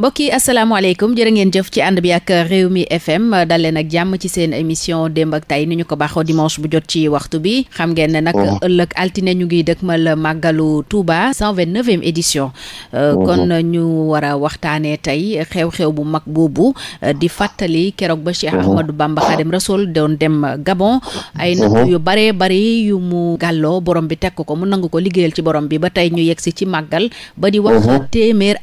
mbokk yi asalaamaaleykum jërë ngeen jëf ci ànd bi ak réew mi FM dal leen jàmm ci seen émission démb ak tay ni ñu ko baaxoo dimanche bu jot ci waxtu bi xam ngeen ne nag oh. ëllëg altine ñu ngi dëkkmal màggalu Touba 129e édition euh, oh. kon ñu war a waxtaanee tey xew-xew bu mag boobu euh, di fàttali keroog ba Cheikh oh. Ahmadou Bamba Khadim Rasoul doon dem Gabon ay natt yu baree bari yu mu gàlloo borom bi teg ko mu nangu ko liggéeyal ci borom bi ba tey ñu yegsi ci màggal ba di wax téeméer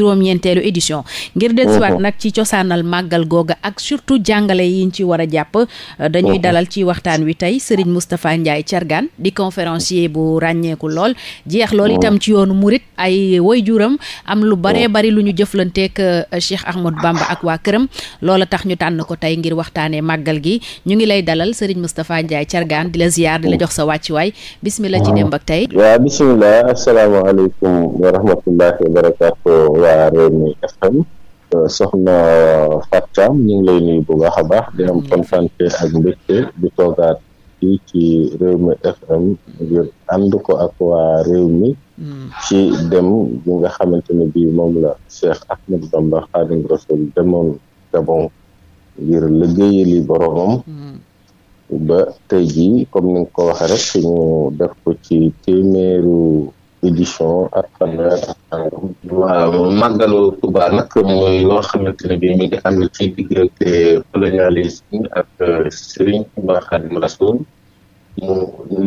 juróom-ñeenteelu édition ngir dellusiwaat nag ci cosaanal màggal googa ak surtout jàngale yiñ ci war a jàpp euh, dañuy dalal ci waxtaan wi tey Serigne Moustapha Ndiaye Thiargane di conférencier bu ràññeeku lool jeex lool itam ci yoonu murit ay woy juram am lu baree bari lu ñu jëflanteek euh, Cheikh Ahmadou Bamba ak waa këram loola tax ñu tànn ko tey ngir waxtaanee màggal gi ñu ngi lay dalal Serigne Moustapha Ndiaye Thiargane di la ziar di la jox sa wàccuwaay bismillah ci démb waa Rewmi FM euh, soxna euh, Fatou Thiam ñu ngi lay nuyu bu baax a baax di am mm-hmm. kontante ak mbégte di toogaat fii ci Rewmi FM ngir ànd ko ak waa Rewmi mm-hmm. ci dem bi nga xamante ne bii moom la seex Ahmed Bamba Khadim Rasoul demoon Gabon ngir liggéeyali boromam mm-hmm. ba tey jii comme ni ko waxee rek ñu def ko ci téeméeru édition ak fanweer ak sàngam waaw màggalu Tuuba mooy loo xamante ne bi mi ngi am ci diggante colonialisme ak euh, Serigne Touba Xaadimu Rasuul mu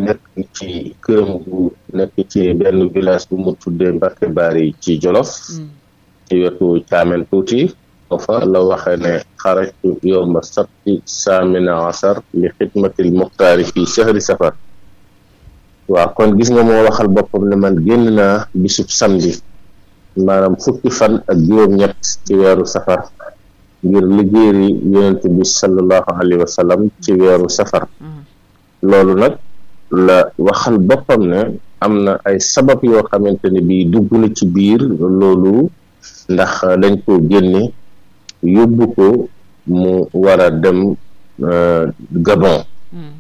nekk ci këram bu nekk ci benn village bu mu tuddee Mbacké Bari ci Jolof mm. ci wetu Caamen tuuti foofa la waxee ne xarajtu yowma sabti saamina asar li xidmatil muxtaari fi shahri safar waaw kon gis nga moo waxal boppam ne man génn naa bisub samedi maanaam fukki fan ak juróom-ñett ci weeru safar ngir liggéeyi yonent bi sallallahu alayhi wa ci weeru safar mm-hmm. loolu nag la waxal boppam ne am na ay sabab yoo xamante ne bii dugg na ci biir loolu ndax dañ ko génne yóbbu ko mu war a dem euh, Gabon. Mm-hmm.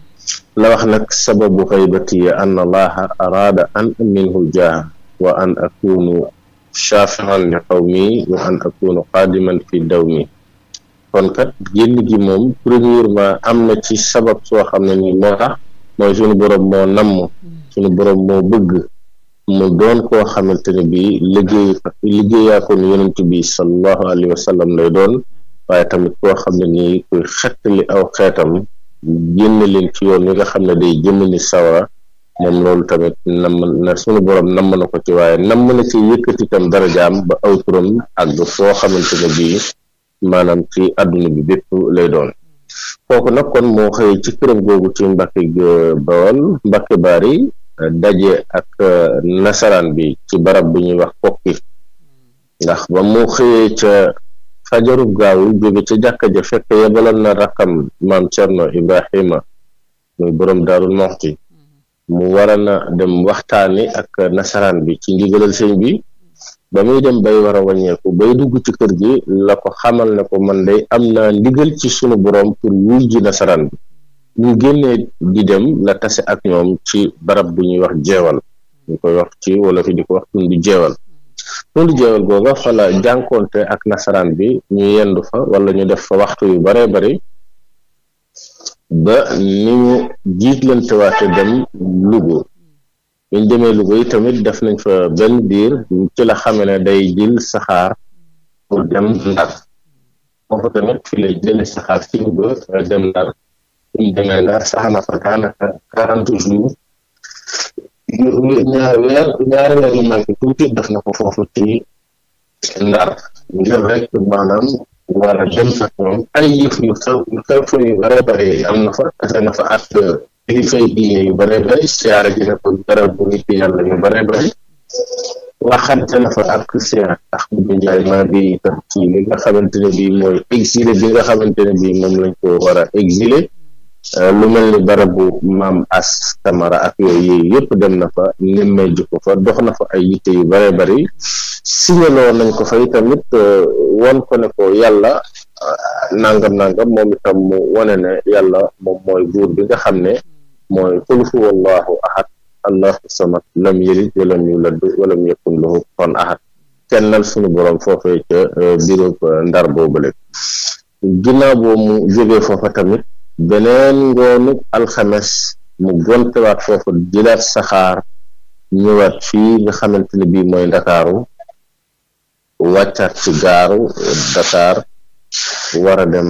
la wax nag sababu xaybati an allaha araada an aminhu jaaha wa an akunu shafian li qawmi wa an akunu qadiman fi dawmi kon kat génn gi moom premièrement am na ci sabab soo xam ne moo tax mooy suñu boroom moo namm suñu boroom moo bëgg mu doon koo xamante ne bii liggéey liggéeyaakoon yonent bi sallallahu alayhi wa sallam lay doon waaye tamit koo xam ne nii kuy xettali aw génn leen ci yoon yi nga xam ne day jëmm ni sawara moom loolu tamit nam na sunu borom nam na ko ci waaye nam na ci yëkkati tam darajaam ba aw turam àgg foo xamante ne bii maanaam ci àdduna bi bépp lay doon kooku nag kon moo xëy ci këram googu ci Mbàkke euh, Bawol Mbàkke yi euh, daje ak euh, nasaraan bi ci barab bu ñuy wax kokki ndax ba mu xëyee ca fajaru gaawul jóge ca jàkka ja fekk yebaloon na rakkam maam Cerno Ibrahima muy boroom daarul moxti mm-hmm. mu wara na dem waxtaani ak nasaraan bi ci ndigalal sëñ bi ba muy dem bay war a bay dugg ci kër gi la ko xamal na ko man day am naa ndigal ci sunu boroom pour wuy ji nasaraan bi ñu génnee di dem la tase ak ñoom ci barab bu ñuy wax jeewal ñu koy wax ci wala fi di ko wax tund jeewal loolu jéewal googa fa la jànkoonte ak nasaraan bi ñu yendu fa wala ñu def fa waxtu yu bare bari ba ni ñu jiitlante waate dem Louga biñ demee Louga yi tamit def nañ fa benn diir ci la xame ne day jil saxaar pour dem Ndar foofu tamit fi lay jële saxaar ci Louga dem Ndar fi na fa daanaka quarante jours ñaar weer ñaari weer yu manqué tuuti def na foofu ci ndar ngir rek maanaam war dem sax moom ay yëf yu xew yu xew bare bare am na fa dese na fa ak euh, yu bare bare siyaara ji na ko dara bu yàlla yu bare bare waxante na fa ak siyaara ak bu njaay bi nga xamante ne bii mooy exilé bi ne bii moom lañ ko war a Euh, lu mel ni barabu maam as Camara ak yooyu yëpp dem na fa nemmee jikko fa dox na fa ay yitte yu bare bari signaloo nañ ko fay tamit euh, won ko ne ko yàlla euh, nangam nangam moom itam mu wane ne yàlla moom mooy buur bi nga xam ne mooy qul huwa allahu ahad allahu samad lam yalid walam yulad walam yakun lahu kufuwan ahad kennal suñu borom foofee ca biiru ndar boobule ginnaaw boo mu jógee foofa tamit beneen ngoonu alxames mu gontewaat foofu jëlaat saxaar ñëwaat fii nga xamante ne bii mooy ndakaaru wàccaat ci gaaru Dakar war a dem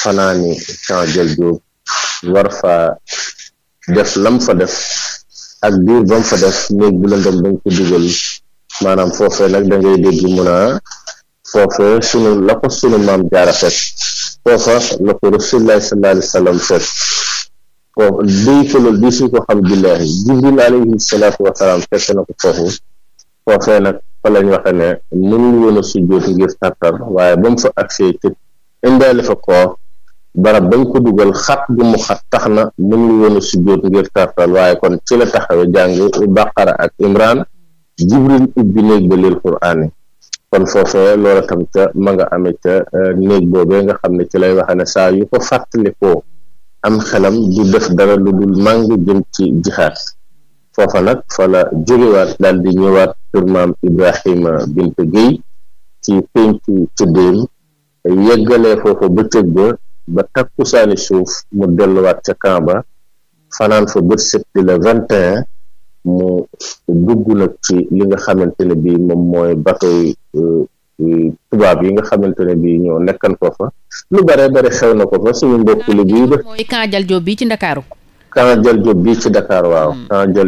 fanaani Cheikh Dial Diop war fa def lam fa def ak biir bam fa def néeg bu lëndëm dañ ko dugal maanaam foofee nag da ngay dégg mun a foofe sunu la ko sunu maam jaara fet foofa la ko rasulillahi sallallahu alayhi wa sallam fet di suñ ko xam billaahi jibril alayhi salaatu wasalaam fekk na ko foofu foofee nag fa lañ waxe ne mënul woon sujjóot ngir tartar waaye ba mu fa agsee te indaale fa koor barab bañ ko dugal xat gu mu xat tax na mënul woon a sujjóot ngir tartar waaye kon ci la taxawe jàng baqara ak imran jibril ubbi néeg ba lil quraan kon foofee loola tam ca ma nga amee ca euh, néeg boobee nga xam ne ci lay waxee saa yu ko fàttalikoo am xelam du def dara lu dul màng jëm ci jixaat foofa nag fa la jógewaat daal di ñëwaat kër maam Ibrahima Binta Guèye ci penku cëddéem yeggalee foofa bëccëg ba ba takkusaani suuf mu delluwaat ca Kamba fanaan fa bët set di la vingt un mu dugg nag ci li nga xamante ne bi moom mooy bateau yi euh, euh, tubaab yi nga xamante ne bi ñoo nekkan ko fa lu bare bare xew na ko fa suñu mbokk li bi def mooy Camp Dial bi ci Ndakaaru waaw Camp Dial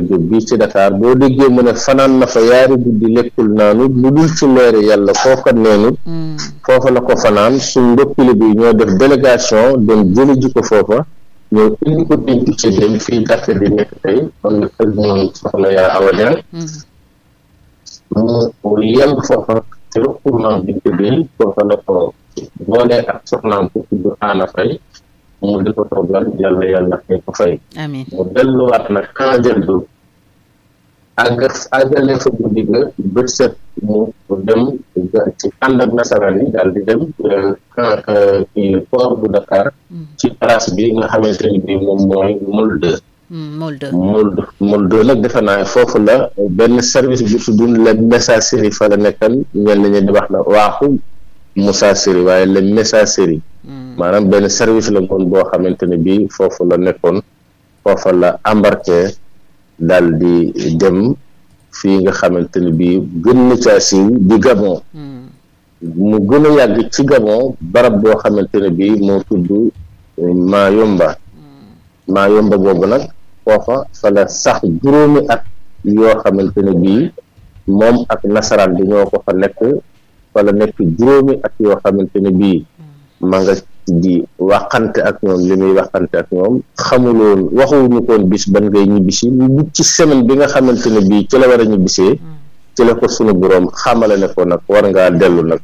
Diop hmm. ci Dakar boo déggee mu ne fanaan na fa yaari guddi lekkul naanu lu dul ci leeri yàlla kooka neenu hmm. foofa la ko fanaan suñ ndokkili bi ñoo def délégation dem jëli ji ko foofa ñëw indi ko ci dañ fii quartier bi nekk tey man na président soxna yaa awajan mu yem foofa ci recourement bi jëlee foofa la ko boole ak soxnaam ko tudd Ana Faye mu di yàlla yàlla fay ko fay mu delluwaat nag canjël du àgg àggale fa guddi ga bët set mu dem ci ànd ak nasaraan yi daal di dem euh, euh, port bu Dakar hmm. ci place bi nga xamante ni bi moom mooy Molde Molde Molde nag defe naa foofu la benn service bu tudd le messagerie fa la nekkan ñenn ñi di wax na waaxu messagerie waaye message messagerie hmm. maanaam benn service la ngoon boo xamante ne bi foofu la nekkoon foofa la embarqué daal di dem fii nga xamante ni bii gën na caa siiw di Gabon hmm. mu gën a yàgg ci Gabon barab boo xamante ne bii moo tudd eh, Mayomba hmm. Mayomba boobu nag foofa fa la sax juróomi at yoo xamante bii moom ak nasaraan bi ñoo ko fa nekk fa nekk juróomi at yoo xamante bii hmm. ma di waxante ak ñoom li muy waxante ak ñoom xamuloon waxuñu koon bis ba ngay ñibbisi lu ci semaine bi nga xamante ne bii ci la war a ñibbisee mm. ci la ko sunu boroom xamale ne ko nag war ngaa dellu nag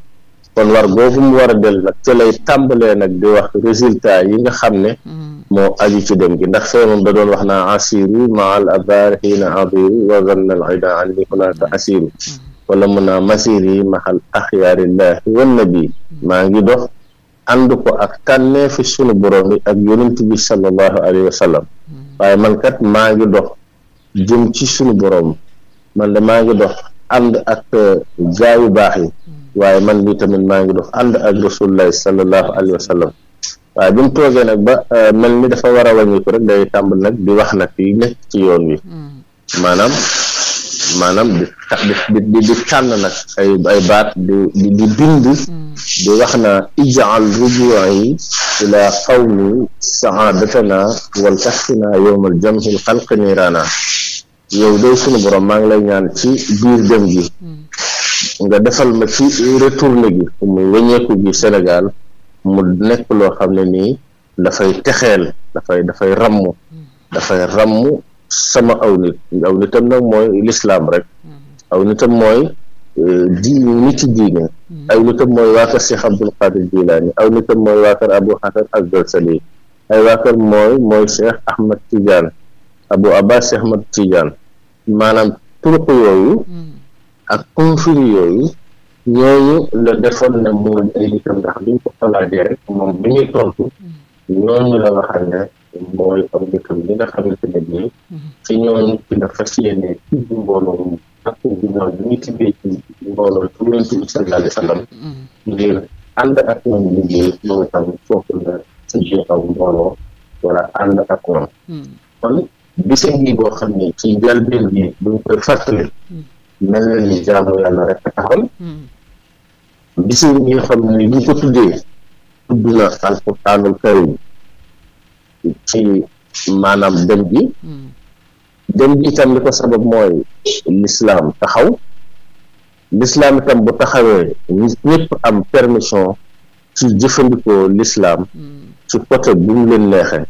kon war googu mu war a dellu nag ci lay tàmbalee nag di wax résultat yi nga xam ne mm. moo aju ci dem gi ndax fee moom da doon wax naa asiru maal abaar xiina a wa zanna al ida anni maa ngi dox ànd ko ak tànneefi sunu borom bi ak yonent bi sallallahu alayhi wa sallam mm. waaye man kat maa ngi dox jëm ci sunu boroom man de maa ngi dox ànd ak gaayu uh, baax yi mm. waaye man bi tamit maa ngi dox ànd ak rasulullahi sallallahu alayhi wa sallam waaye bi mu toogee nag ba uh, mel ni dafa war a wàññi ko rek day tàmbal nag bi wax nag yi nekk ci yoon wi mm. maanaam maanaam di di di tànn nag ay baat di di di bind hmm. di wax naa ijaal rujuwaay ila qawmi saadatana wal kastina yowmal jamhil xalq niiraana yow day sunu borom maa ngi lay ñaan ci biir dem gi hmm. nga defal ma ci retourné gi muy wëññeeku gi Sénégal mu nekk loo xam ne nii dafay texeel dafay dafay ramm hmm. dafay ramm sama aw nit aw nitam nag mooy lislaam rek mm-hmm. aw nitam mooy euh, diine nit ci diine mm-hmm. aw nitam mooy waa kër Cheikh Abdul Qadir Jilaani aw nitam mooy waa Abu Hasan Al-Ghazali ay waa mooy mooy Cheikh Ahmad Tidiane Abu Abbas Cheikh Ahmad Tidiane maanaam turuq yooyu mm-hmm. ak confrérie yooyu ñooñu la defoon na mooy ay nitam ndax biñ ko xalaatee rek moom bi tontu ñooñu la waxal ne mooy am dëkkam li nga xamante ne nii ci ñooñu ci la fas yéene tudd mbooloo mi ak ginnaaw bi ñu tibbee ci mbooloo ci yonent bi sallallahu alayhi wa sallam ngir ànd ak liggéey loolu tam foofu la sa jeexaw mbooloo wala ànd ak ñoom kon bise ngi boo xam ne ci njëlbeen bi buñ koy fàttali mel na ni jaamu yàlla rek a taxal bise ngi xam ne buñ ko tuddee tudd na alxuraanul karim ci maanaam dem gi hmm. dem gi itam li ko sabab mooy l'islam taxaw l'islam itam bu taxawee ñëpp am permission ci jëfandikoo lislaam hmm. ci côté bi mu leen neexee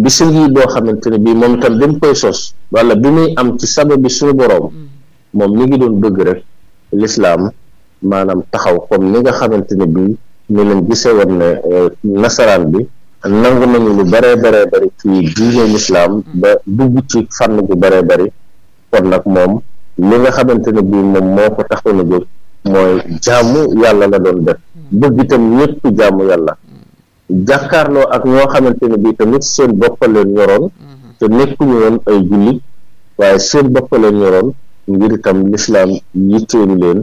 bi si yi boo xamante ne bii moom itam bi mu koy sos wala bi muy am ci sabab bi suñu boroom hmm. moom mu ngi doon bëgg rek lislaam maanaam taxaw comme ni nga xamante ne bii leen gisee woon ne euh, nasaraan bi nangu nañu lu bëree bëree bëri ci diine lislaam mm. ba dugg ci fànn gu bëree bari kon nag moom li nga xamante ne bii moom moo ko taxoon a jóg mooy jàmm yàlla la doon def mm. bëgg itam ñëpp jaamu yàlla mm. jàkkaarloo ak ñoo xamante ne bii tamit seen bopp leen ñoroon mm-hmm. te nekkuñu woon ay jullit waaye seen bopp leen ñoroon ngir itam lislaam yitteelu leen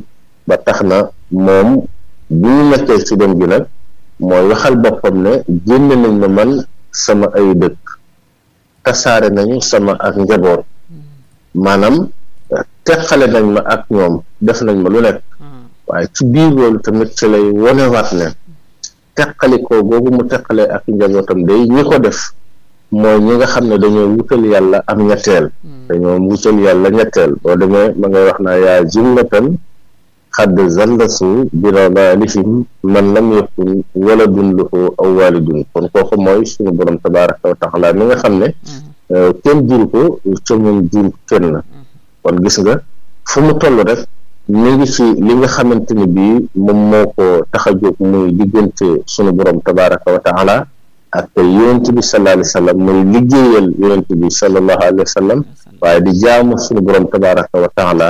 ba tax na moom bu ñu nekkee ci dem gi nag mooy waxal boppam ne génne nañ ma man sama ay dëkk tasaare nañu sama ak njaboot maanaam teqale nañ ma ak ñoom def nañ ma lu nekk waaye ci biir loolu tamit ci lay wonewaat ne teqalikoo boobu mu teqalee ak njabootam day ñi ko def mooy ñi nga xam ne dañoo wutal yàlla am ñetteel hmm. dañoo wutal yàlla ñetteel boo demee ma ngay wax naa yaa jumlatan xadd zallasu bi dalalihim man lam yakun waladun lahu aw walidun kon kooku mooy suñu borom tabaraka wa taala mi nga xam ne mm-hmm. euh, kenn juru ko ca moom juru kenn na mm-hmm. kon gis nga fu mu toll rek mi ngi ci li nga xamante ne bii moom moo ko tax a jóg muy diggante suñu borom tabaraka wa taala ak yonent bi sallallahu alayhi wa sallam muy liggéeyal yonent bi sallallahu alayhi wa sallam waaye di jaamu suñu borom tabaraka wa taala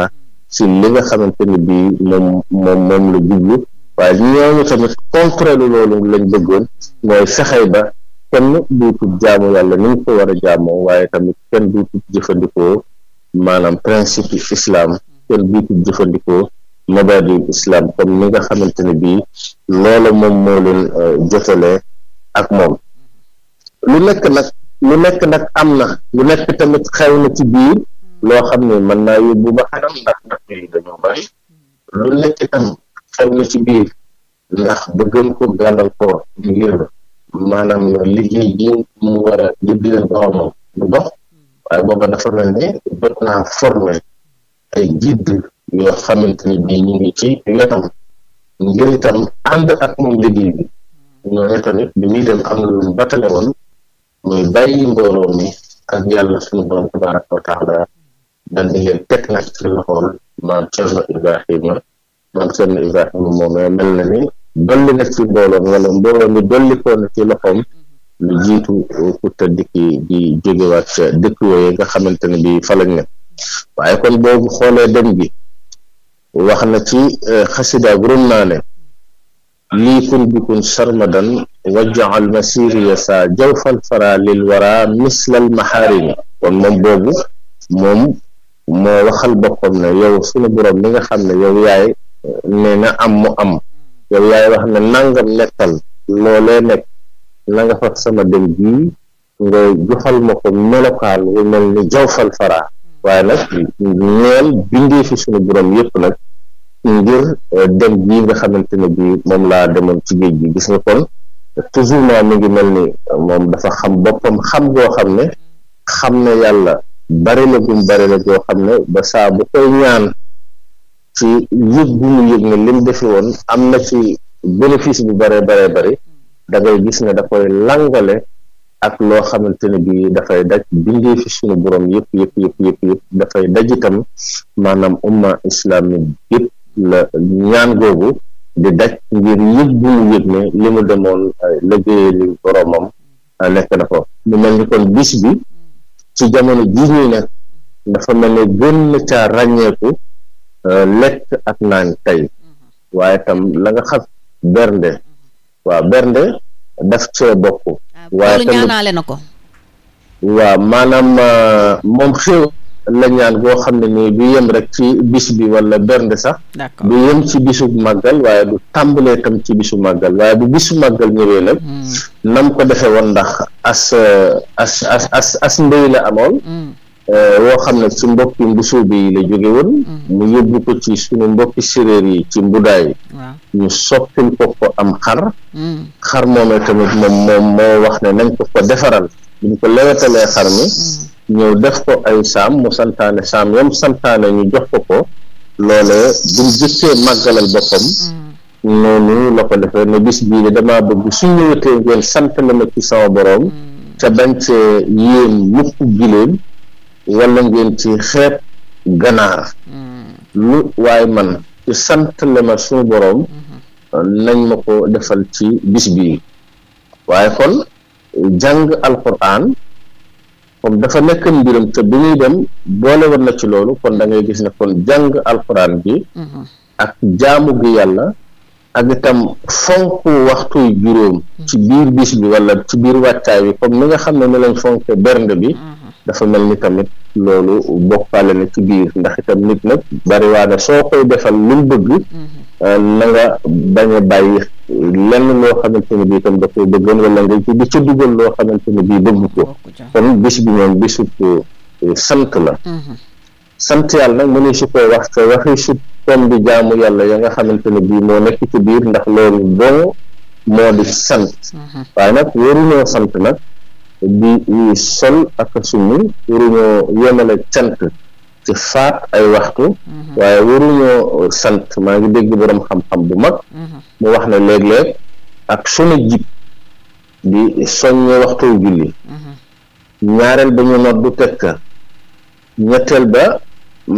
si li nga xamante ni bii moom moom moom la jublu waaye ñooñu tamit contre loolu lañ bëggoon mooy fexey ba kenn duutub jaamu yàlla ni ñu ko war a jaamoo waaye tamit kenn duutub jëfandikoo maanaam principe islam kenn duutub jëfandikoo mabaadi islam ni nga xamante ni bii loola moom moo leen euh, jotalee ak moom lu nekk nag lu nekk nag am na lu nekk tamit xew na ci biir loo xam ne mën naa yóbbu ba kanam ndax nag yi dañoo bari lu nekk tam xel na ci biir ndax bëggal ko gàndal ko ngir maanaam liggéey gi mu war a liggéeyal boromam lu dox waaye booba dafa mel ne jot naa formé ay jidd yoo xamante ni bi ñu ngi ci wetam ngir itam ànd ak moom liggéey bi ñooñu tamit bi muy dem am lu mu batale woon muy bàyyi mbooloo mi ak yàlla suñu borom tabaraka wa taala dan di leen teg nag ci loxool maam Cerno Ibrahima maam Cerno mel na dolli nag ci wala mbooloom mi dolli ko na ci loxoom lu jiitu ku tëdd ki di jógewaat ca dëkk yooyu nga xamante ne bi fa lañ ne waaye kon boobu xoolee dem bi wax na ci eh, xasida gurum naa ne lii kun bikun sarmadan wajaal masiriya sa jawfal fara lil wara mislal maharimi kon moom boobu moom moo waxal boppam na yow suñu borom li nga xam ne yow yaay ne na am mu am yow yaay wax ne nangam nekkal loolee nekk na nga faf sama dem bii nga joxal ma ko melokaan wu mel ni jawfal faraa waaye nag ñeel bindee fi suñu borom yépp nag ngir eh, dem bii nga xamante ne bii moom laa demoon ci géej gi gis nga kon toujours maa ngi mel ni moom dafa xam boppam xam goo xam ne xam ne yàlla bari la gum bare la koo xam ne ba saa bu koy ñaan ci yëg bu mu yëg ne lim defe woon am na ci bénéfice bu bare bare bari da ngay gis ne da koy langale ak loo xamante ne bi dafay daj bindee fi suñu borom yëpp yëpp yëpp yëpp dafay daj itam maanaam umma islamique yëpp la ñaan googu di daj ngir yëg bu mu yëg ne li mu demoon liggéeyali boromam nekk na ko mu mel ni kon bis bi ci jamono jii ñuy nekk dafa mel ne gën ca ràññeeku euh, lekk ak naan tey mm-hmm. waaye tam la nga xam bernde mm-hmm. waaw bernde daf cee bokk ah, waaye tamit ñaanaale na ko waaw maanaam euh, moom xew la ñaan goo xam ne nii du yem rek ci bis bi walla bernde sax du yem ci bisu màggal waaye du tàmbalee tam ci bisu màggal waaye bu bisu màggal ñëwee nag hmm. nam ko defee woon ndax as as as as as la amoon hmm. euh, woo xam ne ci mbokki mbusuubi yi la jóge woon hmm. mu yóbbu ko ci suñu mbokki séréer yi ci mbudaay ñu soppil ko ko am xar xar moomee tamit moom moom moo wax ne nañ ko ko defaral buñ ko lewetalee xar mi ñëw def ko ay saam mu santaane saam yam santaane ñu jox ko ko loolee bu jëkkee màggalal boppam mm. noonu la ko defee ne bis bii de damaa bëgg su ñëwatee ngeen sant la ma ci sama boroom mm. te bañ cee yéen mukk giléem wala ngeen ci xeet ganaar mm. lu waaye man ci sant la ma suñu boroom mm-hmm. nañ ma ko defal ci bis bii waaye kon jàng alquran comme dafa nekk mbiram ca bi muy dem boole woon na ci loolu kon dangay gis ne kon jàng alxuraan bi mhm. ak jaamu gi yàlla ak itam fonk waxtu juróom mhm. ci biir bis bi wala ci biir wàccaay bi comme ni nga xam ne ni lañ fonke bernde bi mhm. dafa mel ni tamit loolu bokkaale na ci biir ndax itam nit nag bariwaane soo koy defal lu mu bëgg euh, na nga bàyyi lenn loo xamante ne bii tam da koy bëggoon wala nga ci di ca dugal loo xamante bii bëgg ko kon bis bi moom bisu euh, sant la mm-hmm. sant yàlla nag mënu si koy wax si tom ya nga xamante ne bii moo nekk ci biir ndax loolu boo moo di sant mm-hmm. waaye nag waruñoo sant nag di sol ak sunu waruñoo yemale cant ci faat ay waxtu mhm. waaye waruñoo sant maa ngi dégg boroom xam-xam bu mag mhm. mu wax ne léeg-léeg ak sunu jib di soññe waxtu julli mhm. ñaareel ba ñu noddu teg ka ñetteel ba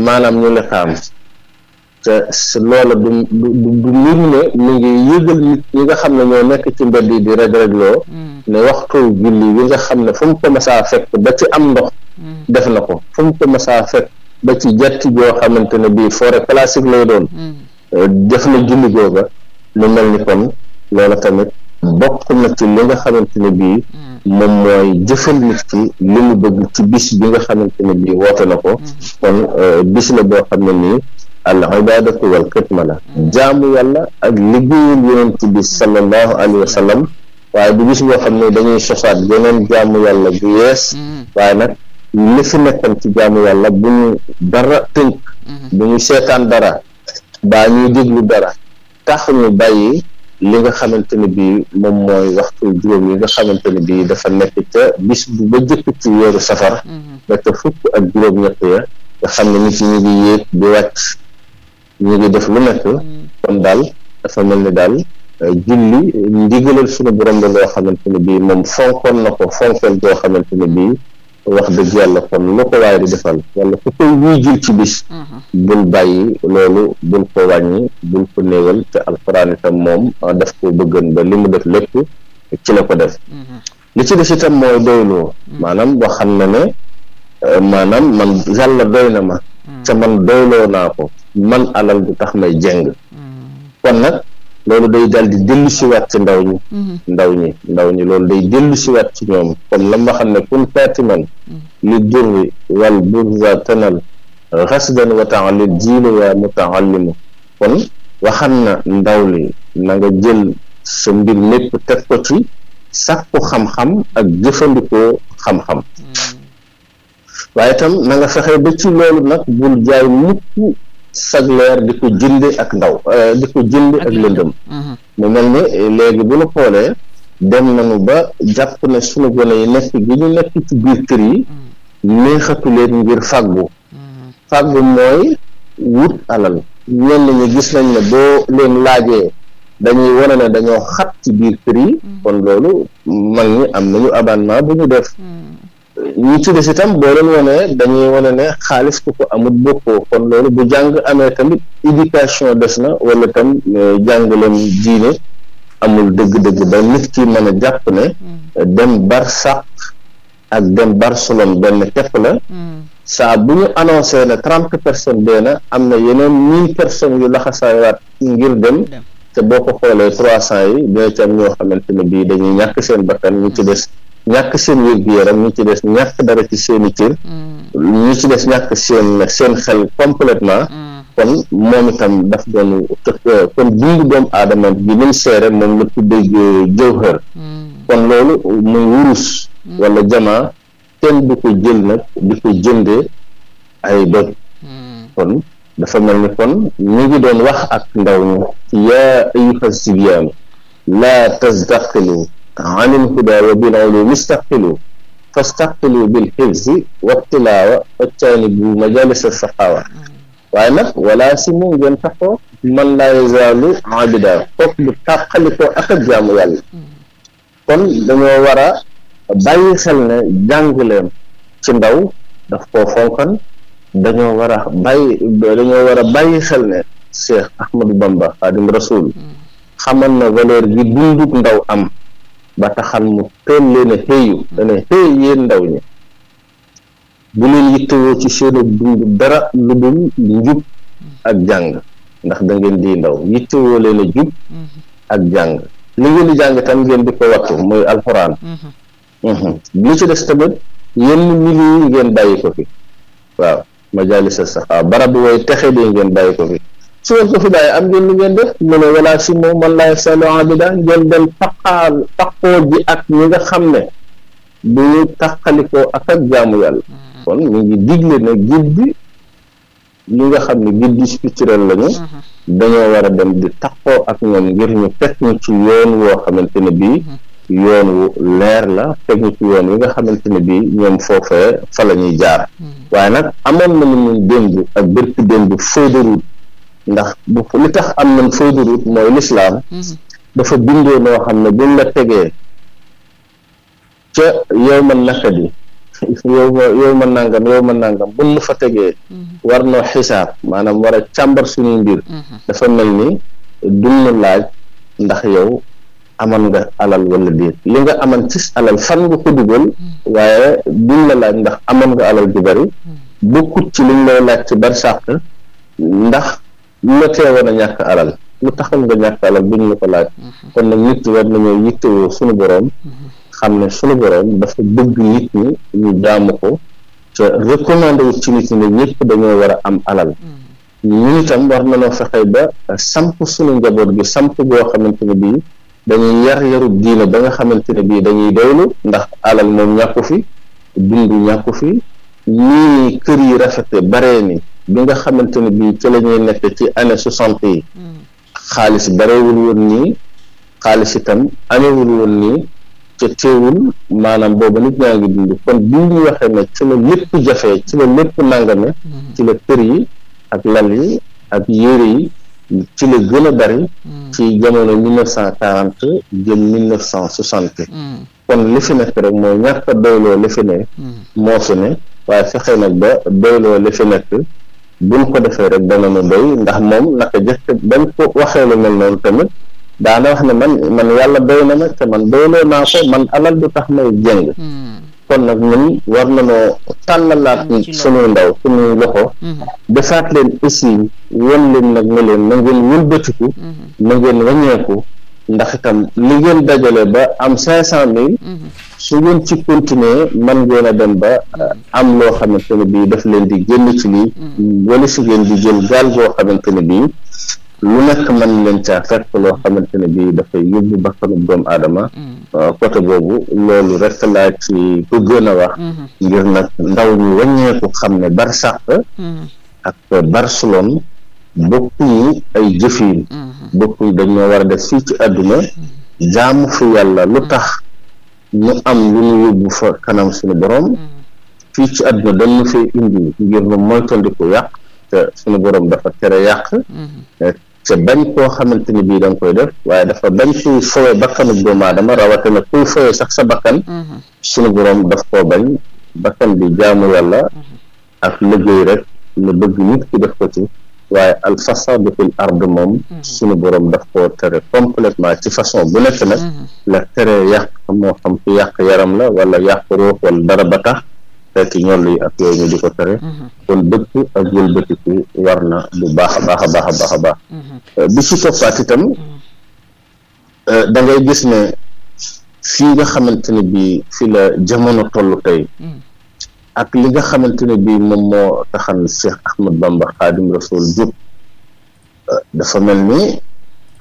maanaam ñu lexaam te loola du du du mbir ne mu ngi yëgal nit ñi nga xam ne ñoo nekk ci mbedd yi di reg-regloo ne waxtu julli bi nga xam ne fu mu ko masaa fekk ba ci am ndox def na ko fu mu ko masaa fekk ba ci jàtti joo xamante ne bii forêt classique lay doon mm. euh, def na julli googa lu mel ni kon loolu tamit bokk na ci li nga xamante ne bii mm. moom mooy jëfal nit ki li mu bëgg ci bis bi nga xamante ne bii woote na ko mm. kon euh, bis la boo xam ne nii al ibaadatu wal xidma la jaamu yàlla ak liggéeyul yonent bi sallallahu alayhi wa sallam waaye bu bis boo xam ne dañuy sosaat yeneen jaamu yàlla bu yees waaye nag li fi nekkoon ci jaamu yàlla bu ñu dara tënk mhm. bu ñu seetaan dara baa ñuy déglu dara tax ñu bàyyi li nga xamante ne bii moom mooy waxtu juróom yi nga xamante ne bii dafa nekk ca bis bu ba jëkk ci weeru safar mhm. ba ca fukk ak juróom ñett ya nga xam ne nit ñi ngi yéeg di wàcc ñu ngi def lu nekk mhm. kon daal dafa mel ni daal euh, julli ndigalal sunu borom la loo xamante ne bii moom fonkoon na ko fonkoon goo xamante ne bii wax dëgg yàlla kon lu ko waaye di defal wala ku koy wuyjil ci bis mhm. bul bàyyi loolu bul ko wàññi bul ko néewal te alxuraan tam moom ah, def ko bëggan ba li mu def lépp ci la ko def mhm. li ci des itam mooy doyloo mhm. maanaam boo xam ne ne euh, maanaam man yàlla doy na ma te man doyloo naa ko man alal du tax may jëng kon nag loolu day daal di ci siwaat ci ndaw ñi mm-hmm. ndaw ñi ndaw ñi loolu day ci siwaat ci ñoom comme la ma xam ne kun katiman mm-hmm. li durri wal burra tanal xasdan wa taalil jiili wa kon waxan na ndaw li na nga jël sa mbir lépp teg ko ci sàkku xam-xam ak jëfandikoo xam-xam mm-hmm. waaye itam na fexe ba ci loolu nag bul jaay mukk sag leer di ko jënde ak ndaw euh, di ko jënde ak lëndëm mhm. mu mel ni euh, léegi bu nu xoolee dem nañu ba jàpp ne sunu gone yi nekk gi ñu nekk ci biir kër yi mhm. neexatu leen ngir fàggu mhm. fàggu mooy wut alal ñenn ñi gis nañ ne boo leen laajee dañuy wane ne dañoo xat ci biir kër yi kon loolu mag ñi am nañu abandement bu ñu def ñi ci des itam boo leen wanee dañuy wane ne xaalis ku ko amut bokkoo kon loolu bu jàng amee tamit éducation des na wala tam euh, jàngaleem diine amul dëgg-dëgg ba nit ki mën a jàpp ne hmm. dem Barsàq ak dem Barcelone benn képp la hmm. saa bu ñu annoncé ne trente personne dee na am na yeneen mille personnes yu laxasaawaat ngir dem te boo ko xoolee trois cent yi dina ci ñoo xamante ne bii dañuy ñàkk seen bakkan ñu ci des ñàkk seen wér-gu-yaram ñu ci des ñàkk dara ci seen cër mm. ñu ci des ñàkk seen seen xel complètement mm. kon moom itam daf doon kon dundu doomu aadama bi ni mu seere moom la tuddee jëwhër mm. kon loolu muy wurus wala jamaa kenn du ko jël nag di ko jëndee ay doj kon dafa mel ni kon ñu ngi doon wax ak ndaw ñi ci yaa ayyuha sibyaan laa tazdaqilu an ilhuda wa bil ulumi waaye nag wala si mu ngeen taxoo man laa yazaalu abida foog bu tàqalikoo ak ak jaamu yàlla kon dañoo war a bàyyi xel ne jànguleem ci ndaw daf koo fonkan dañoo war a bàyyi a bàyyi xel ne Cheikh Ahmadou Bamba Xaadim Rasul mm. xamal na valeur bi dundug ndaw am ba taxal mu teel leen a xëyu dana xëy yéen ndaw ñi bu leen yittewoo ci seen ak dund dara lu dul njub ak jàng ndax da ngeen di ndaw yittewoo leen jub ak jàng li ngeen di jàng tam ngeen di ko wattu mooy alxuraan mhm. li ci des tamit yenn milieu yi ngeen bàyyi ko fi waaw majalisa sax waaw barab way texe de ngeen bàyyi ko fi suratu Hidaaya am ngeen lu ngeen def mu ne wala si moom man laay salo abida ngeen dem taqaal taqoo ji ak ñi nga xam ne du ñu taqalikoo ak ak jaamu yàlla mm-hmm. kon mi ngi digle ne giddi yi nga xam ne giddi spirituel lañu mm-hmm. dañoo war a dem di taqoo ak ñoom ngir ñu teg ñu ci yoon woo xamante ne bii mm-hmm. yoon wu leer la teg ñu ci yoon wi nga xamante ne bii ñoom foofee fa la ñuy jaar waaye nag amoon na lu ñuy démb ak bërki démb feu ndax bu li tax am na fooy durut mooy lislaam mhm. dafa bindoo noo xam ne buñ la tegee ca yow man nakadi yow ma yow ma nangam yow ma nangam buñ la fa tegee mhm. war noo xisaab maanaam war a càmbar suñuy mbir mhm. dafa mel ni duñ la laaj ndax yow aman nga alal wala déet li nga aman ci alal fan nga ko dugal waaye duñ la laaj ndax aman nga alal ju bari bokkut ci liñ lay laaj ci bar sàq ndax la teewoon a ñàkk alal lu taxoon nga ñàkk alal bu ñu ko laaj mm-hmm. kon nag nit war nañoo yittewoo sunu boroom mm-hmm. xam ne suñu boroom dafa bëgg nit ñi ñu jaamu ko te recommandé wut ci nit ñi ne ñëpp dañoo war a am alal mm-hmm. ñun itam war nañoo fexe ba samp suñu njaboot bi samp boo xamante ne bii dañuy yar yarub diine ba nga xamante ne bii dañuy doylu ndax alal moom ñàkku fi dund ñàkku fi nii kër yi rafete baree ni bi nga xamante ne bii ci la ñuy ci anne soixante yi xaalis barewul woon nii xaalis itam amewul woon nii te teewul maanaam booba nit ñaa ngi dund kon bii ñu waxee ne ci la lépp jafee ci la lépp nangame ci la kër yi ak lal yi ak yére yi ci la gën a bari ci jamono mille neuf cent quarante jëm mille neuf cent soixante kon li fi nekk rek mooy ñàkk a doyloo li fi ne mm. moo fi waaye fexe nag ba doyloo li fi buñ ko defee rek dana ma doy ndax moom naka jëkk bañ ko waxee lu mel noonu tamit daana wax ne man man yàlla doy na ma te man doyloo a ko man alal du tax may jëng hmm. kon nag ñun war nañoo tànnalaat suñuy ndaw suñuy loxo hmm. defaat leen aussi wan leen nag ne leen na ngeen wëlbatiku hmm. na ngeen wàññeeku ndax itam li ngeen dajale ba am cinq cent mille mhm. su ngeen ci continuer man ngeen a dem ba euh, am loo xamante ne bii daf leen di génn ci lii mhm. wala si ngeen di jël gaal goo xamante ne lu nekk man leen caa fekk loo xamante ne bii dafay yóbbu bakkanu doomu aadama mhm. euh, côté boobu loolu rek laa ci bëggoon a wax ngir nag ndaw ñu wàññeeku xam ne bar Barsàq ak suloon bopp ay jëfin mm-hmm. bopp dañ dañoo war a def fii ci àdduna mm-hmm. jaamu fi yàlla lu mm-hmm. tax ñu am lu ñu yóbbu fa kanam suñu borom fii ci àdduna dañu fay indi ngir nu moytandiku yàq te suñu borom dafa tere yàq te bañ koo xamante ni bii da koy def waaye dafa bañ kuy fowe bakkanu doomu aadama rawatina kuy fowe sax sa bakkan suñu borom daf koo bañ bakkan bi jaamu yàlla ak liggéey rek ñu bëgg nit ki def ko ci waaye al fasaadu fil ard moom mhm. suñu borom daf koo tere complètement ci façon bu nekk nag mhm. la tere yàq moo xam ci yàq yaram la wala yàq ruux wala dara ba tax fekk ñoll yi ak yooyu ñu di ko tere mhm. kon dëkk ak wëlbatiku war na bu baax a baax a baax a baax a baax euh, bi ci toppaat itam euh, da gis ne fii nga xamante ne bii fi la jamono toll tey ak li nga xamante ne bii moom moo taxal Cheikh Ahmad Bamba Xaadim Rasul jóg euh, dafa mel ni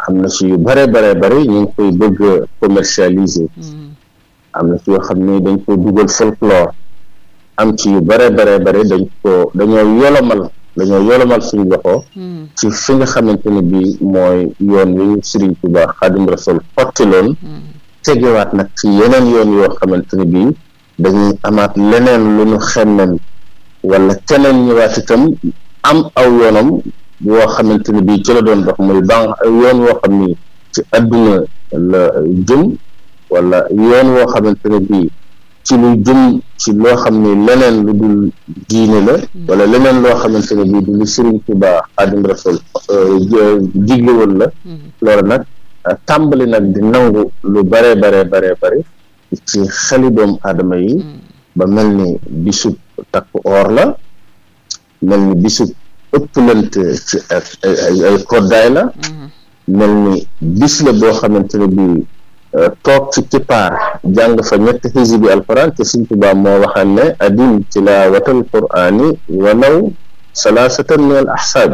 am na ci yu bare bare bare ñu ngi koy bëgg a commercialiser mm-hmm. am na ci yoo xam ne dañ ko dugal folklore am ci yu bare bare bare dañ ko dañoo yolomal dañoo yolomal suñu loxo mm-hmm. ci fi nga xamante ne bii mooy yoon wi ñu Sëriñ Tuubaa Xaadim Rasul xottiloon mm-hmm. tegewaat nag ci yeneen yoon yoo xamante ne dañuy amaat leneen lu ñu xemmem wala keneen ñëwaat itam am aw yoonam woo xamante ni bii ci la doon dox muy ban yoon woo xam ni ci àdduna la jëm woo xamante ne bii ci lu jëm ci loo xam ni leneen lu dul diine la wala leneen loo xamante ne bii du lu Sëriñ Tuubaa Xaadim Rasuul euh, la mm-hmm. loolu nag tàmbali nag di nangu lu bare bare bare bare ci xeli doomu aadama yi hmm. ba mel ni bisub takk or la mel ni bisub ëpplante ci ay koddaay la hmm. mel ni bis la boo xamante ne bi euh, toog ci kippaar jàng fa ñetti xisibi alquran te Sëñ Tuubaa moo waxaan adim tilaawatal qurani walaw salaasatan min al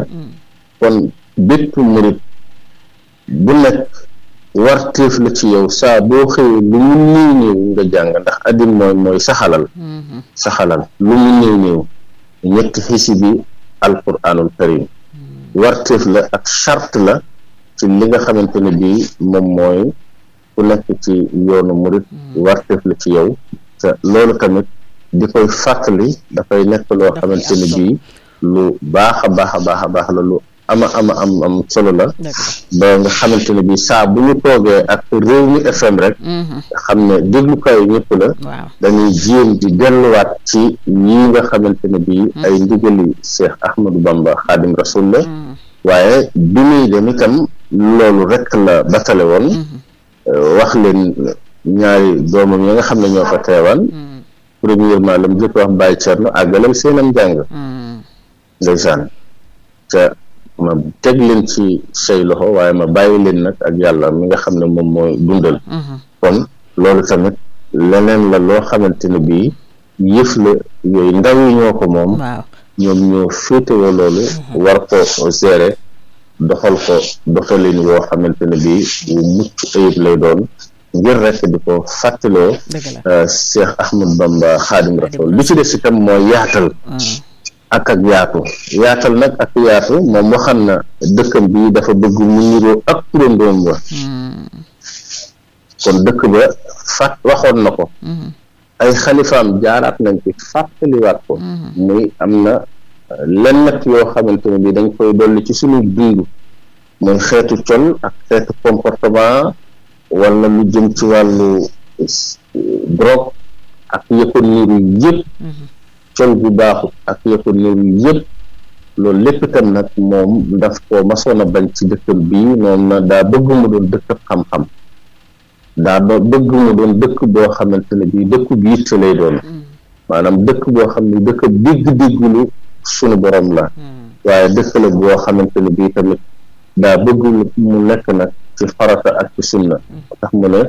hmm. kon bépp murit bu nekk warteef la ci yow saa boo xëyee lu mu néew néew nga jàng ndax addim mooy mooy saxalal mm-hmm. saxalal lu mu néew néew ñetti xisibi alquranul karim mm-hmm. warteef la ak charte la ci li nga xamante ne bii moom mooy ku nekk ci yoonu murit mm-hmm. warteef la ci yow te loolu tamit di koy fàttali dafay nekk loo xamante ne bii lu baax a baax a baax a baax la lu ama ama am am solo la ba nga xamante ne bi saa bu ñu toogee ak réew mi FM rek mhm. nga xam ne déglukaay ñëpp la dañuy jéem di delluwaat ci yii nga xamante ne bi mhm. ay ndigali Cheikh Ahmadou Bamba Xaadim Rasul la mhm. waaye bi muy dem itam loolu rek la batale woon euh, wax leen ñaari doomam yi nga xam ne ñoo fa teewal premièrement la mu jëkk wax Baye Thierno àggalal seenam njàng ndeysaan ma teg leen ci say loxo waaye ma bàyyi leen nag ak yàlla mi nga xam ne moom mooy dundal mm-hmm. kon loolu tamit leneen la loo xamante ne bii yëf la yooyu ndaw ñoo ko moom ñoom ñoo féetewoo loolu mm-hmm. war ko gérer doxal ko doxalin woo xamante ne bii wu mucc ayib lay doon ngir rek di ko fàttaloo euh, Cheikh Ahmad Bamba Xaadim Rasul li ci des itam mooy yaatal mm. ak ak yaatu yaatal nag ak yaatu moom waxan na dëkkam bi dafa bëgg mu niroo ak turandoom ba hmm. kon dëkk ba fàtt waxoon na ko hmm. ay xalifaam jaaraat nañ ci fàttaliwaat ko hmm. muy am na lenn nag yoo xamante ne bi dañ koy dolli ci suñu dund mooy xeetu col ak xeetu comportement wala lu jëm ci wàllu drogue ak yëkkoon niru yëpp sol bu baaxut ak yëfu néew yi loolu lépp itam nag moom daf ko masoon a bañ ci dëkkam bii moom na daa bëgg mu doon dëkkab xam-xam daa ba bëgg doon dëkk boo xamante ne bii dëkku bii yitte lay doon mm. maanaam dëkk boo xam ne dëkk digg-diggulu sunu borom la mm. waaye dëkk la boo xamante ne bii tamit daa bëgg mu nekk nag ci farata ak ci sunna mm. moo tax mu ne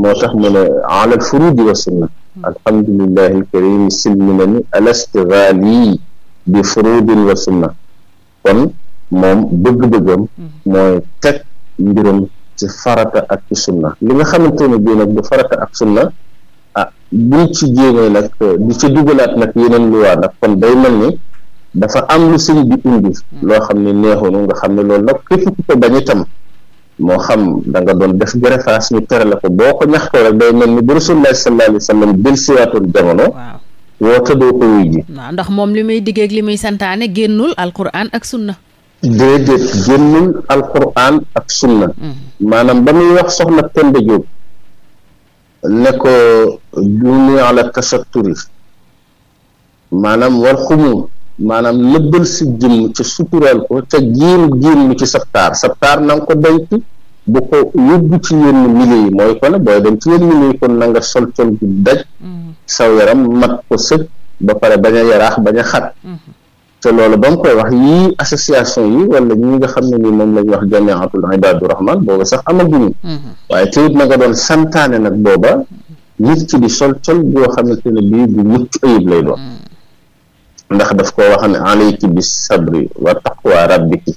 moo tax mu ne alal furuudi wa sunna Hmm. alhamdulillahi alkarim silminani alastighali bi furudin wa sunna kon moom bëgg-bëggam hmm. mooy teg mbiram ci farata ak ci sunna li nga xamante ne bii nag du farata ak sunna ah buñ ci jéemee nag di ci dugalaat nag yeneen luwaa nag kon day mel ni dafa am lu sëñ bi indi hmm. loo xam ne neexoonu nga xam ne loolu nag képp ku ko bañ itam moo xam da doon def greffage ñu tere la ko boo ko ñaxtoo rek day mel ni bu Rasulullah sallallahu alayhi wa sallam del siwaatoon jamono doo ko wuy ji waaw ndax moom li may diggeeg li muy santaane génnul alquran ak sunna déedéet génnul alquran ak sunna mm. maanaam ba muy wax soxna Penda Diop ne ko duni ala tasatturi maanaam wal xumum maanaam lëbbal si jëmm ca suturaal ko te jiim jiim ci sabtaar sabtaar na ko denc bu ko yóbbu ci yenn milieu yi mooy kon booy dem ci yenn milieu yi kon na nga sol col gu daj mm-hmm. saw yaram mat ko sëg ba pare bañ a yaraax bañ a xat mm-hmm. te loolu ba mu koy wax yii association yi wala ñi nga xam ne nii moom la ñuy wax jamiatul ibadu rahman booba sax amaguñu mm-hmm. waaye te it na nga doon santaane nag booba nit ci di sol col goo xamante ne bii bu mucc ayib lay doon ndax daf ko wax ne alayki bi sabri wa taqwa rabbiki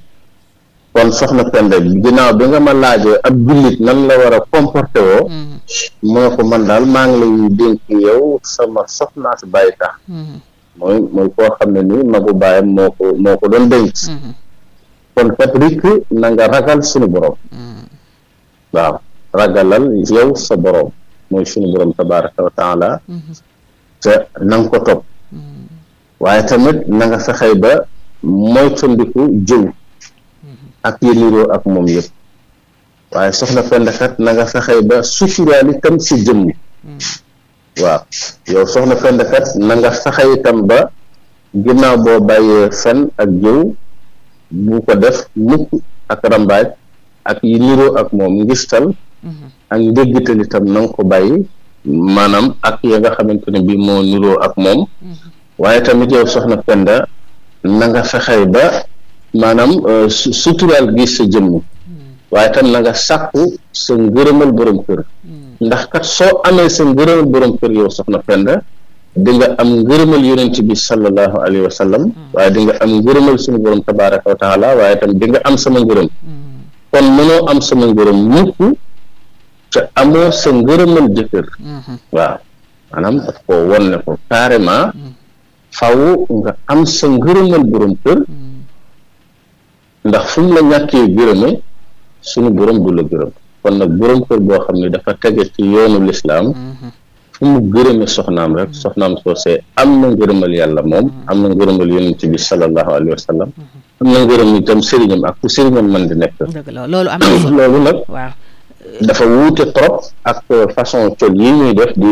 kon soxna Penda ginnaaw bi nga ma laajee ak jullit nan la war a comporté woo moo mm-hmm. ko man daal maa ngi lay dénk yow sama soxnaa si bàyyi tax mm-hmm. mooy mooy koo xam ne nii magu bàyyam moo ko moo ko doon dénk mm-hmm. kon Patrick na nga ragal suñu borom waaw ragalal yow sa borom mooy suñu borom tabaraka wa taala te na ko topp waaye tamit nanga nga fexey ba moytandiku jëw ak yi niroo ak moom yëpp waaye soxla pendakat nanga nga fexey ba suturaal itam sa jëmm waaw yow soxna pendakat nanga nga itam ba ginnaaw boo bàyyee fen ak jëw bu ko def mukk ak rambaaj ak yi niroo ak moom ngistal ak ndéggital itam na ko bàyyi maanaam ak ya nga xamante ne bi moo niroo ak moom waaye tamit yow soxna Penda na nga fexey ba maanaam euh, suturaal gis sa jëmm hmm. waaye tam na nga sàkku sa ngërëmal borom kër hmm. ndax kat soo amee sa ngërëmal borom kër yow soxna Penda di nga am ngërëmal yonent bi sallallahu alayhi wa sallam hmm. waaye di nga am ngërëmal suñu borom tabaraka wa taala waaye tam di am sama ngërëm kon mënoo am sama ngërëm mukk te amoo sa ngërëmal jëkkër waaw maanaam daf ko won ne ko carrément faw nga am sa ngërëmal borom kër ndax fu mu la ñàkkee gërëme sunu borom du la gërëm kon nag borom kër boo xam ne dafa tege ci yoonu lislaam fu mu gërëme soxnaam rek soxnaam soosee am na ngërëmal yàlla moom am na ngërëmal yonent bi sallallahu alayhi wa sallam am na ngërëm itam sëriñam ak ku sëriñam man di nekk loolu nag dafa wuute trop ak euh, façon col yi ñuy def di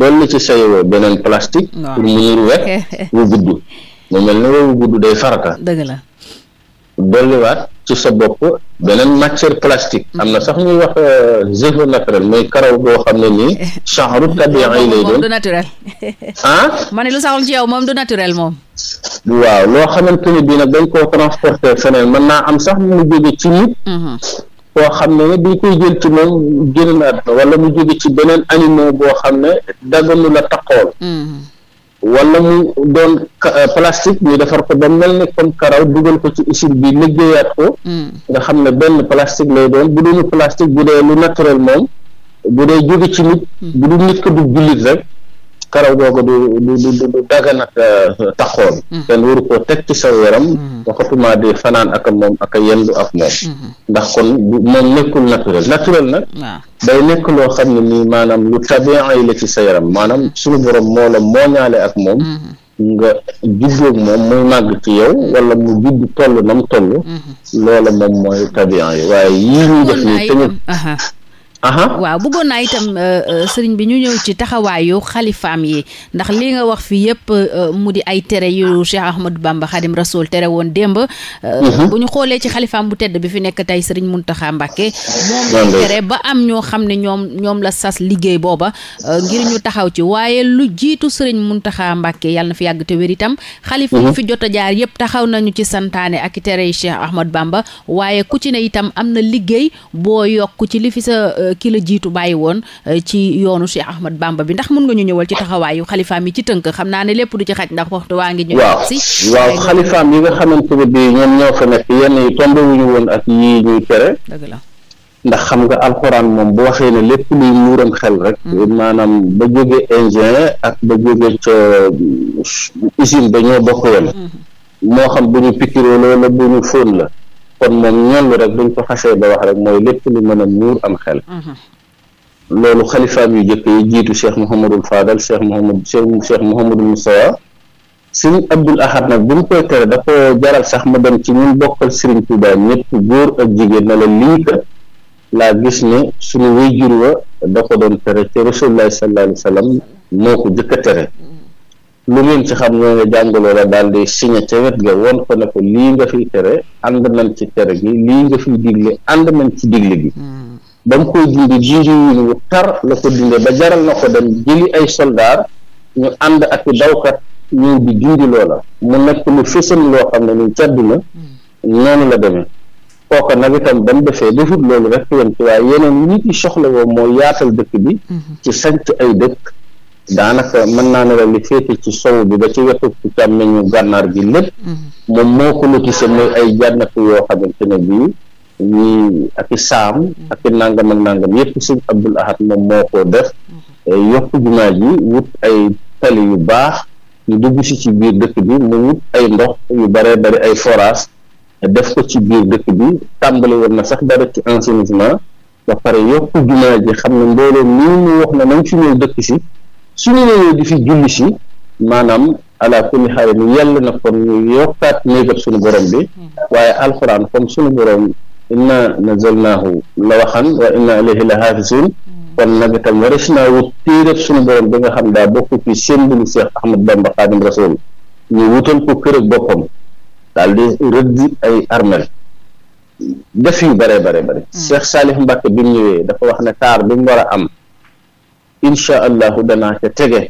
dolli ci sayoo euh, beneen plastique pour mu niru wet wu gudd mu mel ni wu gudd day farata dëgg la dolliwaat ci sa bopp beneen matière plastique am na sax ñuy wax zéro euh, naturel mooy karaw boo xam ne nii chanru tabian yi lay doon du naturel ah ma ne lu saxul ci yow moom du naturel moom waaw loo xamante ni bii nag dañ koo transporter feneen mën naa am sax mu jóge ci nit mm-hmm. boo xam ne bi koy jël ci moom génn na àdduna wala mu jóge ci beneen animaux boo xam ne daganu la taqool mm-hmm. wala mu doon euh, plastique ñu defar ko ba mel ne comme karaw dugal ko ci usine bi liggéeyaat ko mm-hmm. nga xam ne benn plastique lay doon bu doonu plastique bu dee lu naturel moom bu dee jóge ci nit mm-hmm. bu du nit ko jullit rek karaw googu du du du dagan euh, ak taxoon mm-hmm. kenn waru koo teg ci saw yaram mm-hmm. waxatuma di fanaan ak moom ak yendu ak moom mm-hmm. ndax kon moom nekkul naturel naturel nag ah. day nekk loo xam ne nii maanaam lu tabiay la ci sa yaram maanaam suñu borom moo la mooñaale ak moom nga juddoog moom muy màgg ci yow wala mu judd toll nam toll loola moom mooy tabian yi waaye yii ñuy def nii waaw bëggoon naa itam euh, euh, sëriñ bi ñu ñëw ci taxawaayu xalifaam yi ndax li nga wax fi yëpp euh, mu di ay tere yu Cheikh Ahmadou Bamba Khadim Rasoul tere woon démb mhm. bu ñu xoolee ci xalifaam bu tedd bi fi nekk tey sëriñ Mountakha Mbacké moom la ba am ñoo xam ne ñoom ñoom la sas liggéey booba ngir ñu taxaw ci waaye lu jiitu sëriñ mun taxa Mbacké yàlla na fi yàgg te wér itam xalifa yi mhm. fi jot a jaar yëpp taxaw nañu ci santaane ak tere yi Cheikh Ahmadou Bamba waaye ku ci ne itam am na liggéey boo ki la jiitu bàyyi woon eh, ci yoonu si Ahmad bàmba bi ndax mun nga ñu ñëwal ci taxawaayu xalifaam yi ci tënk xam naa ne lépp du ci xaj ndax waxtu waa ngi ñu si waaw xalifaam yi nga xamante ne bi ñoom ñoo fa nekk woon ak yii ñuy tere dëgg ndax xam nga alxuraan moom boo waxee ne lépp luy muuram xel rek hmm. maanaam ba jóge ingénieur ak ba jóge ca usine ba ñoo bokk yam hmm. moo xam bu ñu pikiroo la wala bu ñu fóon la kon moom ñoll rek buñ ko xasee ba wax rek mooy lépp lu mën a muur am xel mhm. loolu xalifaam yu jëkk yi jiitu cheikh mohamadul fadal cheikh mohamad cheikh cheikh mohamadul mustawa abdul ahad nag bi koy tere da ko jaral sax ma dem ci ñun bokkal sëriñ Tuubaa ñëpp góor ak jigéen na la lii ka laa gis ne suñu wéy jur wa da ko doon tere te rasulullahi sallallahu alayhi moo ko jëkk tere mhm. lu ngeen ci xam ñoo nga jàngaloo la daal di signé ca wet ga woon ko ne ko lii nga fiy tere ànd nañ ci tere gi lii nga fiy digle ànd nañ ci digle gi hmm. ba mu koy dindi dindi wu tar la ko dinde ba jaral na ko dem jëli ay soldaar ñu ànd ak i dawkat ñëw di dindi loola mu nekk lu fësal loo xam ne ni cadduna hmm. noonu la demee kooka nag itam ba mu defee defut loolu rek yem ci waaye yeneen nit yi soxla woo moo yaatal dëkk bi hmm. ci sanc ay dëkk daanaka mën naa ne la li féete ci sow bi ba ci wetu càmmeñu gànnaar gi lépp mm-hmm. moom moo ko lotise muy ay jànnatu yoo xamante ak i mm-hmm. ak i nàngam nàngam yépp sëñ Abdul Ahad ko def mm-hmm. eh, yokk jumaa ji ay tali yu baax ñu dugg si ci biir dëkk bi ay ndox yu bare bari ay forage def ko ci biir dëkk bi tàmbali woon na sax dara ci assainissement ba pare yokk xam ne mbooloo nii mu wax na nañ fi dëkk si suñu ñëwee di fi julli si maanaam ala kulli xaal ni yell na kon ñu yokkaat néegal suñu borom bi hmm. waaye alxuraan comme suñu borom inna nazalnaahu la waxan wa inna ilayhi la xaafisun hmm. kon nag itam waris naa wut téereb suñu borom bi nga xam daa bokk ci sembulu Seex Ahmad Bamba Xaadim Rasul ñu wutal ko kër ak boppam daal di rëdd ay armel def yu bare bare bare hmm. Seex Saalix Mbàkke bi mu ñëwee dafa wax ne taar bi mu war a am incha allahu danaa ca tege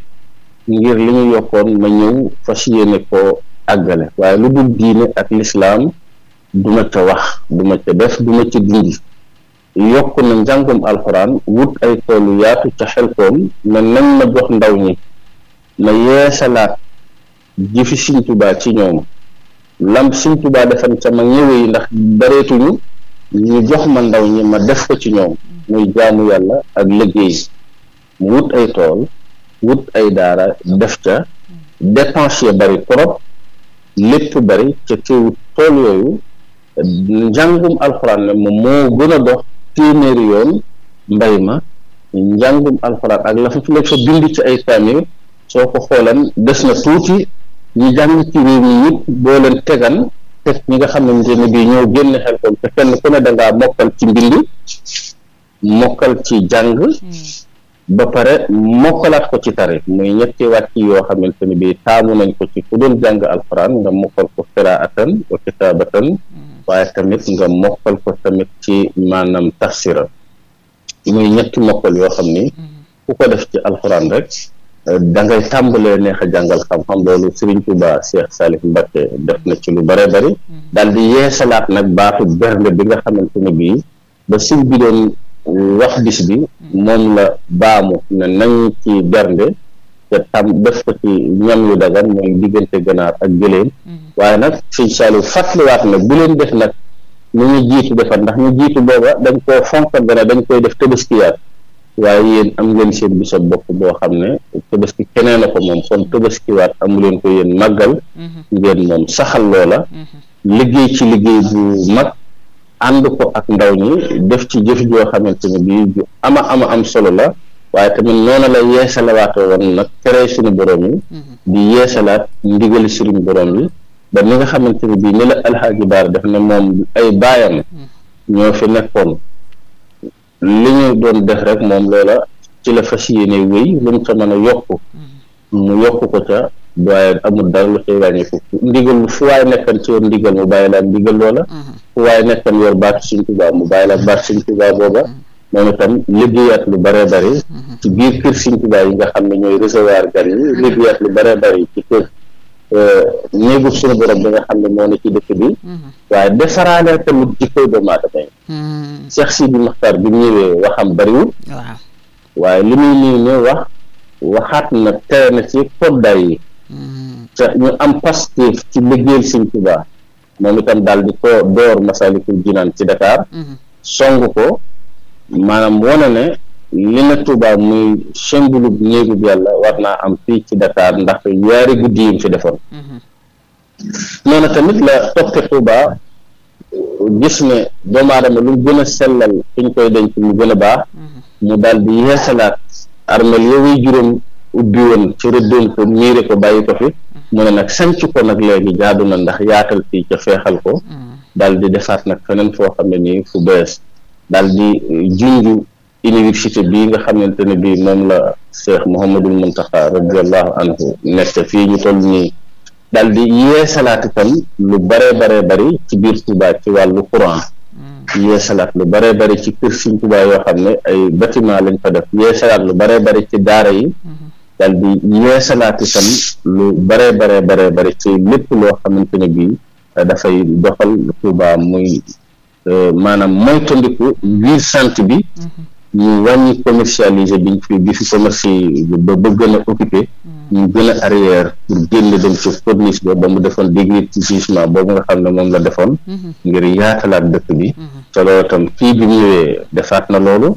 ngir li ñu yokkoon ma ñëw fas yéene koo àggale waaye lu dul diine ak lislaam duma ca wax duma ca def duma ca dindi yokk na njàngum alxuraan wut ay toolu yaatu ca xelkoom ne nañ ma jox ndaw ñi ma yeesalaat ji fi Sëñ ci ñoom lam Sëñ Tuubaa defan ca ma ñëwee yi ndax bareetuñu ñu jox ma ndaw ñi ma def ko ci ñoom muy jaamu yàlla ak liggéey wut ay tool wut ay daara def ca dépense ya bari trop lépp bari ca teewut tool yooyu njàngum alxuraan ne moom moo gën a dox téeméeri yoon mbay ma njàngum alxuraan ak la fa fi la fa bind ci ay kaamil soo ko xoolan des na tuuti ñu jàng ci réew mi boo leen tegan teg ñi nga xam ne bii ñoo génn xel kon te kenn ku ne dangaa mokkal ci mbind mokkal ci jàng hmm. ba pare mokkalaat ko ci tarif muy ñetti wàcc yoo xamante ni bii taamu nañ ko ci ku doon jàng alxuraan nga mokkal ko qiraatan wa kitaabatan mm. waaye tamit nga mokkal ko tamit ci maanaam tafsira muy ñetti mokkal yoo xam ni mm. ku ko def ci alxuraan rek eh, dangay ngay tàmbalee neex a jàngal xam-xam loolu Serigne Touba Cheikh Salif Mbacké def na ci lu bare bari mm. daal di yeesalaat nag baatu bernde bi nga xamante ni bii ba sëñ bi doon wax bis bi moom la baamu ne nañ ci bernde te tam def ko ci ñam yu dagan mooy diggante ganaar ak gëléem mm-hmm. waaye nag suñ saalu fàttaliwaat na bu leen def nag nu ñu jiitu defar ndax ñu jiitu booba dañ koo fonkat gana dañ koy def tëbaskiyaat waaye yéen am ngeen seen bisab bopp boo xam ne tëbaski keneen a ko moom kon tëbaskiwaat amuleen ko yéen màggal mm-hmm. ngeen moom saxal loola mm-hmm. liggéey ci liggéey bu mag ànd ko ak ndaw ñi def ci jëf joo xamante ne bii ju ama ama am solo la waaye tamit noonu la yeesalawaate woon nag créé suñu borom yi mm-hmm. di yeesalaat ndigali suñu borom yi ba nga xamante ne bii ni la alxaaji baar def ne moom ay baayam mm-hmm. ñoo fi nekkoon li ñu doon def rek moom loola ci la fas yéene wéy lu mu ko mën a yokk mm-hmm. mu yokk ko ca waaye amul dara lu xëy wàññi ko ndigal fu waay nekkan ci ndigal mu bàyyi laa ndigal loola fu waaye nekkoon yor baatu Sëñ Tuubaa mu bàyyi la baatu Sëñ Tuubaa booba mm-hmm. moom itam liggéeyaat lu bëree bëri mm-hmm. ci biir kër Sëñ Tuubaa yi nga xam ne ñooy recevoir gan yi liggéeyaat lu bëree bëri ci kër euh, néegu suñu borom bi nga xam ne moo ne ci dëkk bi mm-hmm. waaye defaraale tamit jikkoy doomu aadama yi Cheikh Sidi Mokhtar bi ñëwee waxam bëriwul waaye li muy nii ne wax waxaat na tere na ci koddaay yi te ñu am pastéef ci liggéeyal Sëñ Tuubaa moom itam daal di ko door Masalikul Jinaan ci Dakar mhm. song ko maanaam wane ne li na Touba muy sëmbulub néegub yàlla war naa am fii ci Dakar ndax yaari guddi yi mu fi defoon mhm. noonu tamit la toppe Touba gis ne doomu lu gën a sellal fiñ koy denc mu gën a baax mhm. mu daal yeesalaat armel yowuy juróom ubbi woon ci rëddoon ko miire ko bàyyi ko fi mu ne nag sanc ko nag léegi jaadu na ndax yaatal fii ca feexal ko mm. daal di defaat nag feneen foo xam ne nii fu bees daal di junju université bii nga xamante ne bii moom la Cheikh Mouhamadul Mountakha radiallahu anhu nekk fii ñu toll nii dal di salaat itam lu bare bare bari ci biir Touba ci wàllu courant mm. salaat lu bare bari ci kër Sëriñ Touba yoo xam ne ay bâtiment lañ fa def yeesalaat lu bare bari ci daara yi mm-hmm. daal di yeesalaat itam lu bare bare bare bare ci lépp loo xamante ne bii euh, dafay doxal Touba muy euh, maanaam moytandiku biir sant bi mm-hmm. ñu wàññi commercialiser biñ fi bi fi commerce ba ba gën a occupé mm-hmm. ñu gën a arrière pour génn dem ci corniche ba ba mu defoon déguerpissement boobu nga xam ne moom la defoon mm-hmm. ngir yaatalaat dëkk bi solo itam kii bi ñëwee defaat na loolu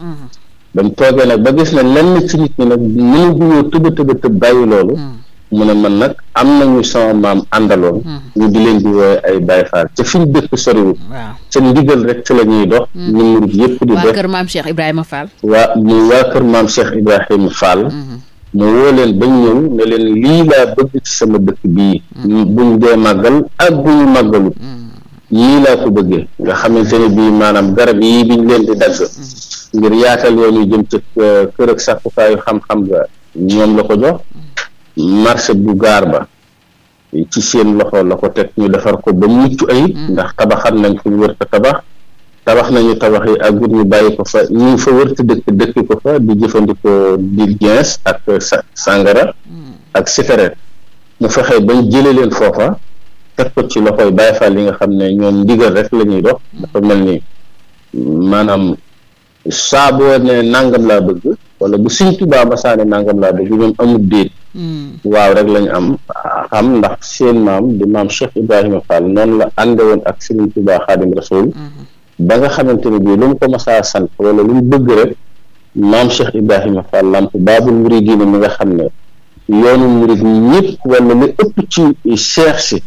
bañ toogee nag ba gis ne lenn ci nit ñi nag mënu guñoo tëba tëba tëb bàyyi loolu hmm. mu ne man nag am na ñu sama maam àndaloon hmm. ñu di leen di wooye ay Baye Fall ca fi ñu dëkk soriwul ca ndigal rek ca la ñuy dox hmm. ñu yëpp di dox waa kër maam Cheikh Ibrahima Fall waa mu waa kër maam Cheikh Ibrahima Fall mu leen bañ ñëw ne leen lii laa bëgg bii buñ dee màggal ak buñu màggalu yii laa ko bëggee nga xamante ne bii maanaam garab yii biñ leen di dagg ngir yaatal yoonu jëm ci euh, kër ak sàkkukaayu xam-xam ba ñoom la ko jox marché bu gaar ba ci seen loxo la ko teg ñu defar ko ba mucc ayib mm. ndax tabaxat nañ fu ñu wër tabax tabax nañu tabax yi ak gut ñu bàyyi ko fa ñu fa wër te dëkk dëkk ko fa di jëfandikoo di ak sàngara mm. ak cigarette mu fexe bañ jëlee leen foofa teg ko ci loxoy Baay Faal yi nga xam ne ñoom ndigal rek la ñuy dox mm. dafa mel ni maanaam saa boo ne nangam laa bëgg wala bu Sëñ Tuubaa ba saa ne nangam laa bëgg ñoom amul déet hmm. waaw rek lañu am xam ndax seen maam di maam Cheikh Ibrahima Fall noonu la ànde woon ak Sëñ Tuubaa Xaadim Rasuul hmm. ba nga xamante ne bii lu mu ko masaa sant wala lu mu bëgg rek maam Cheikh Ibrahima Fall lamp baabul muridiina mi nga xam ne yoonu murid ñëpp wala li ëpp ci cheikh si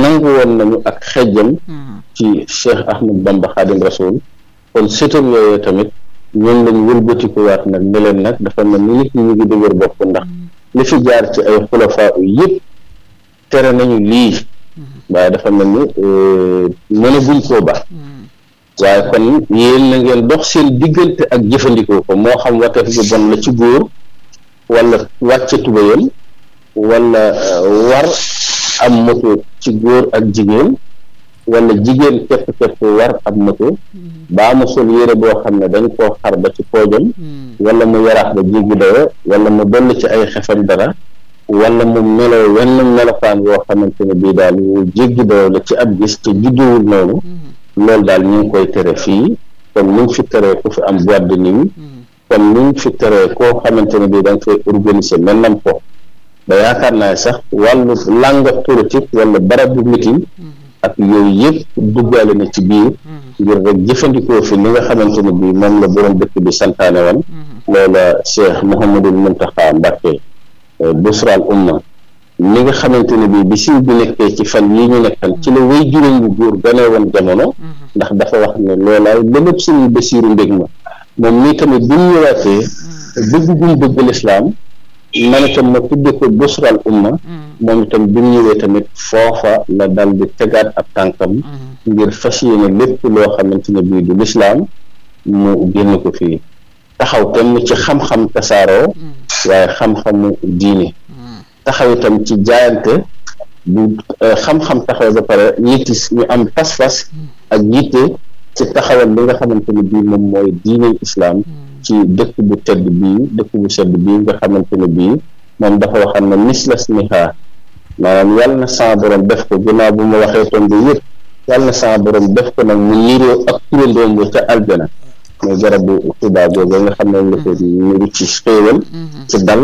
nangu woon nañu ak xejjam hmm. ci Cheikh Ahmad Bamba Xaadim Rasuul kon sëtam yooyu tamit ñoom lañ wëlbatikuwaat nag ne nag dafa mel ni nit ñi ngi dëgër bopp ndax li fi jaar ci ay xulafaa yëpp tere nañu lii waaye dafa mel ni euh, mën a guñ koo baax waaye kon yéen na ngeen dox seen diggante ak jëfandikoo ko moo xam wateef bu bon la ci góor wala wàcce tubayam wala euh, war am moto ci góor ak jigéen wala jigéen képp képp war ab moto mm-hmm. baa mu sol yére boo xam ne dañ koo xar ba ci poojam mm-hmm. wala mu yaraax ba jéggi dayo wala mu doll ci ay xefam dara wala mu meloo wenn melokaan woo xamante ne bii daal wu jéggi dayo la ci ab gis te judduwul noonu mm-hmm. loolu daal ñu ngi koy tere fii kon ñu ngi fi teree ku fi am boîte de nuit kon ñu ngi fi teree koo xamante ne bii da nga koy organiser mel nam ko ba yaakaar naa sax wàllu làng politique wala barab bu meeting ak yooyu yëpp duggaale na ci biir mm-hmm. ngir rek jëfandikoo fi li nga xamante ne bii moom la borom dëkk bi santaane woon mm-hmm. loola Cheikh Mouhamadul Mountakha Mbacké euh, busral umma li nga xamante ne bii bi siw bi nekkee ci fan yi ñu nekkan ci la way juróom bu góor ganee woon jamono mm-hmm. ndax dafa wax ne loolaay lépp suñu Basiiru mbég ma moom mii tamit bi mu ñëwaatee bëgg gum bëgg lislaam man itam ma tudde ko busral umma moom itam bi mu ñëwee tamit foofa la dal di tegaat ab tànkam mm-hmm. ngir fas yéene lépp loo xamante ne bii du lislaam mu génn ko fii taxaw tam ci xam-xam tasaaroo mm-hmm. waaye xam-xamu diine mm-hmm. taxaw itam ci jaayante bu euh, xam-xam taxaw ba pare nit ñu am pas-pas ak yitte ci taxawal li nga xamante ne bii moom mooy diine islaam ci dëkk bu tedd bii dëkk bu sedd bii nga xamante bii moom dafa waxam ne mislas nihaa maanaam yàlla na sa borom def ko ginnaaw bu ma waxee tombe yëpp yàlla na sa borom def ko nag mu niroo ak turandoom ba ca aljana mooy garabu Tuubaa googu nga xam ne nga ko niru ci xéewal mhm. ci dal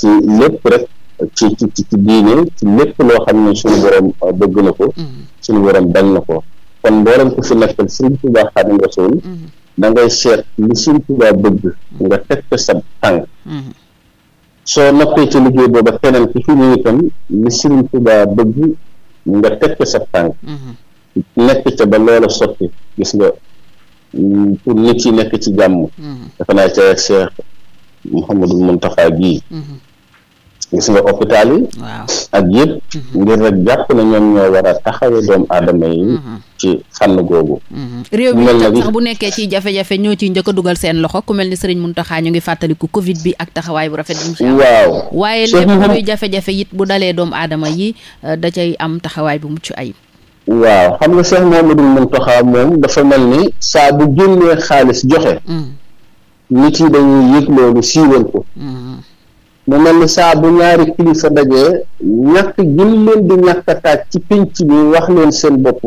ci lépp rek ci ci diine ci lépp loo xam ne suñu borom ah, bëgg na ko mhm. suñu borom bañ na ko kon mboolem ku fi nekkal Sëriñ Tuubaa Xaadimu Rasuul mhm. da ngay seet li Sëriñ Tuubaa bëgg nga teg sa tànk soo noppee ci liggéey booba keneen ku ci ñëw itam li Sëriñ Tuubaa bëgg nga teg ko sa tànk mm-hmm. nekk ca ba loola sotti gis nga mm, pour nit yi nekk ci jàmm mm-hmm. dafa naa ca Cheikh Mouhamadou Mountakha gii mm-hmm. gis nga hôpital yi. waaw ak yëpp. Mm-hmm. ngir rek jàpp na ñoom ñoo war a taxawee doomu aadama yi. Mm-hmm. ci fànn googu. Mm-hmm. réew mi sax bu nekkee ci jafe-jafe ñoo ciy njëkk dugal seen loxo ku mel ni Serigne Mountakha ñu ngi fàttaliku Covid bi ak taxawaay bu rafet. bu mu si waaye jafe-jafe it bu dalee doomu aadama yi euh, da cay am taxawaay bu mucc ayib. waaw xam nga Cheikh Mouhamadoul Mountakha moom dafa mel ni saa bu génnee xaalis joxe. nit yi dañuy yëg loolu siiwal ko. mu mel ni saa bu ñaari kilifa dajee ñàkk gin leen di ñàkk a taaj ci pénc bi wax leen seen bopp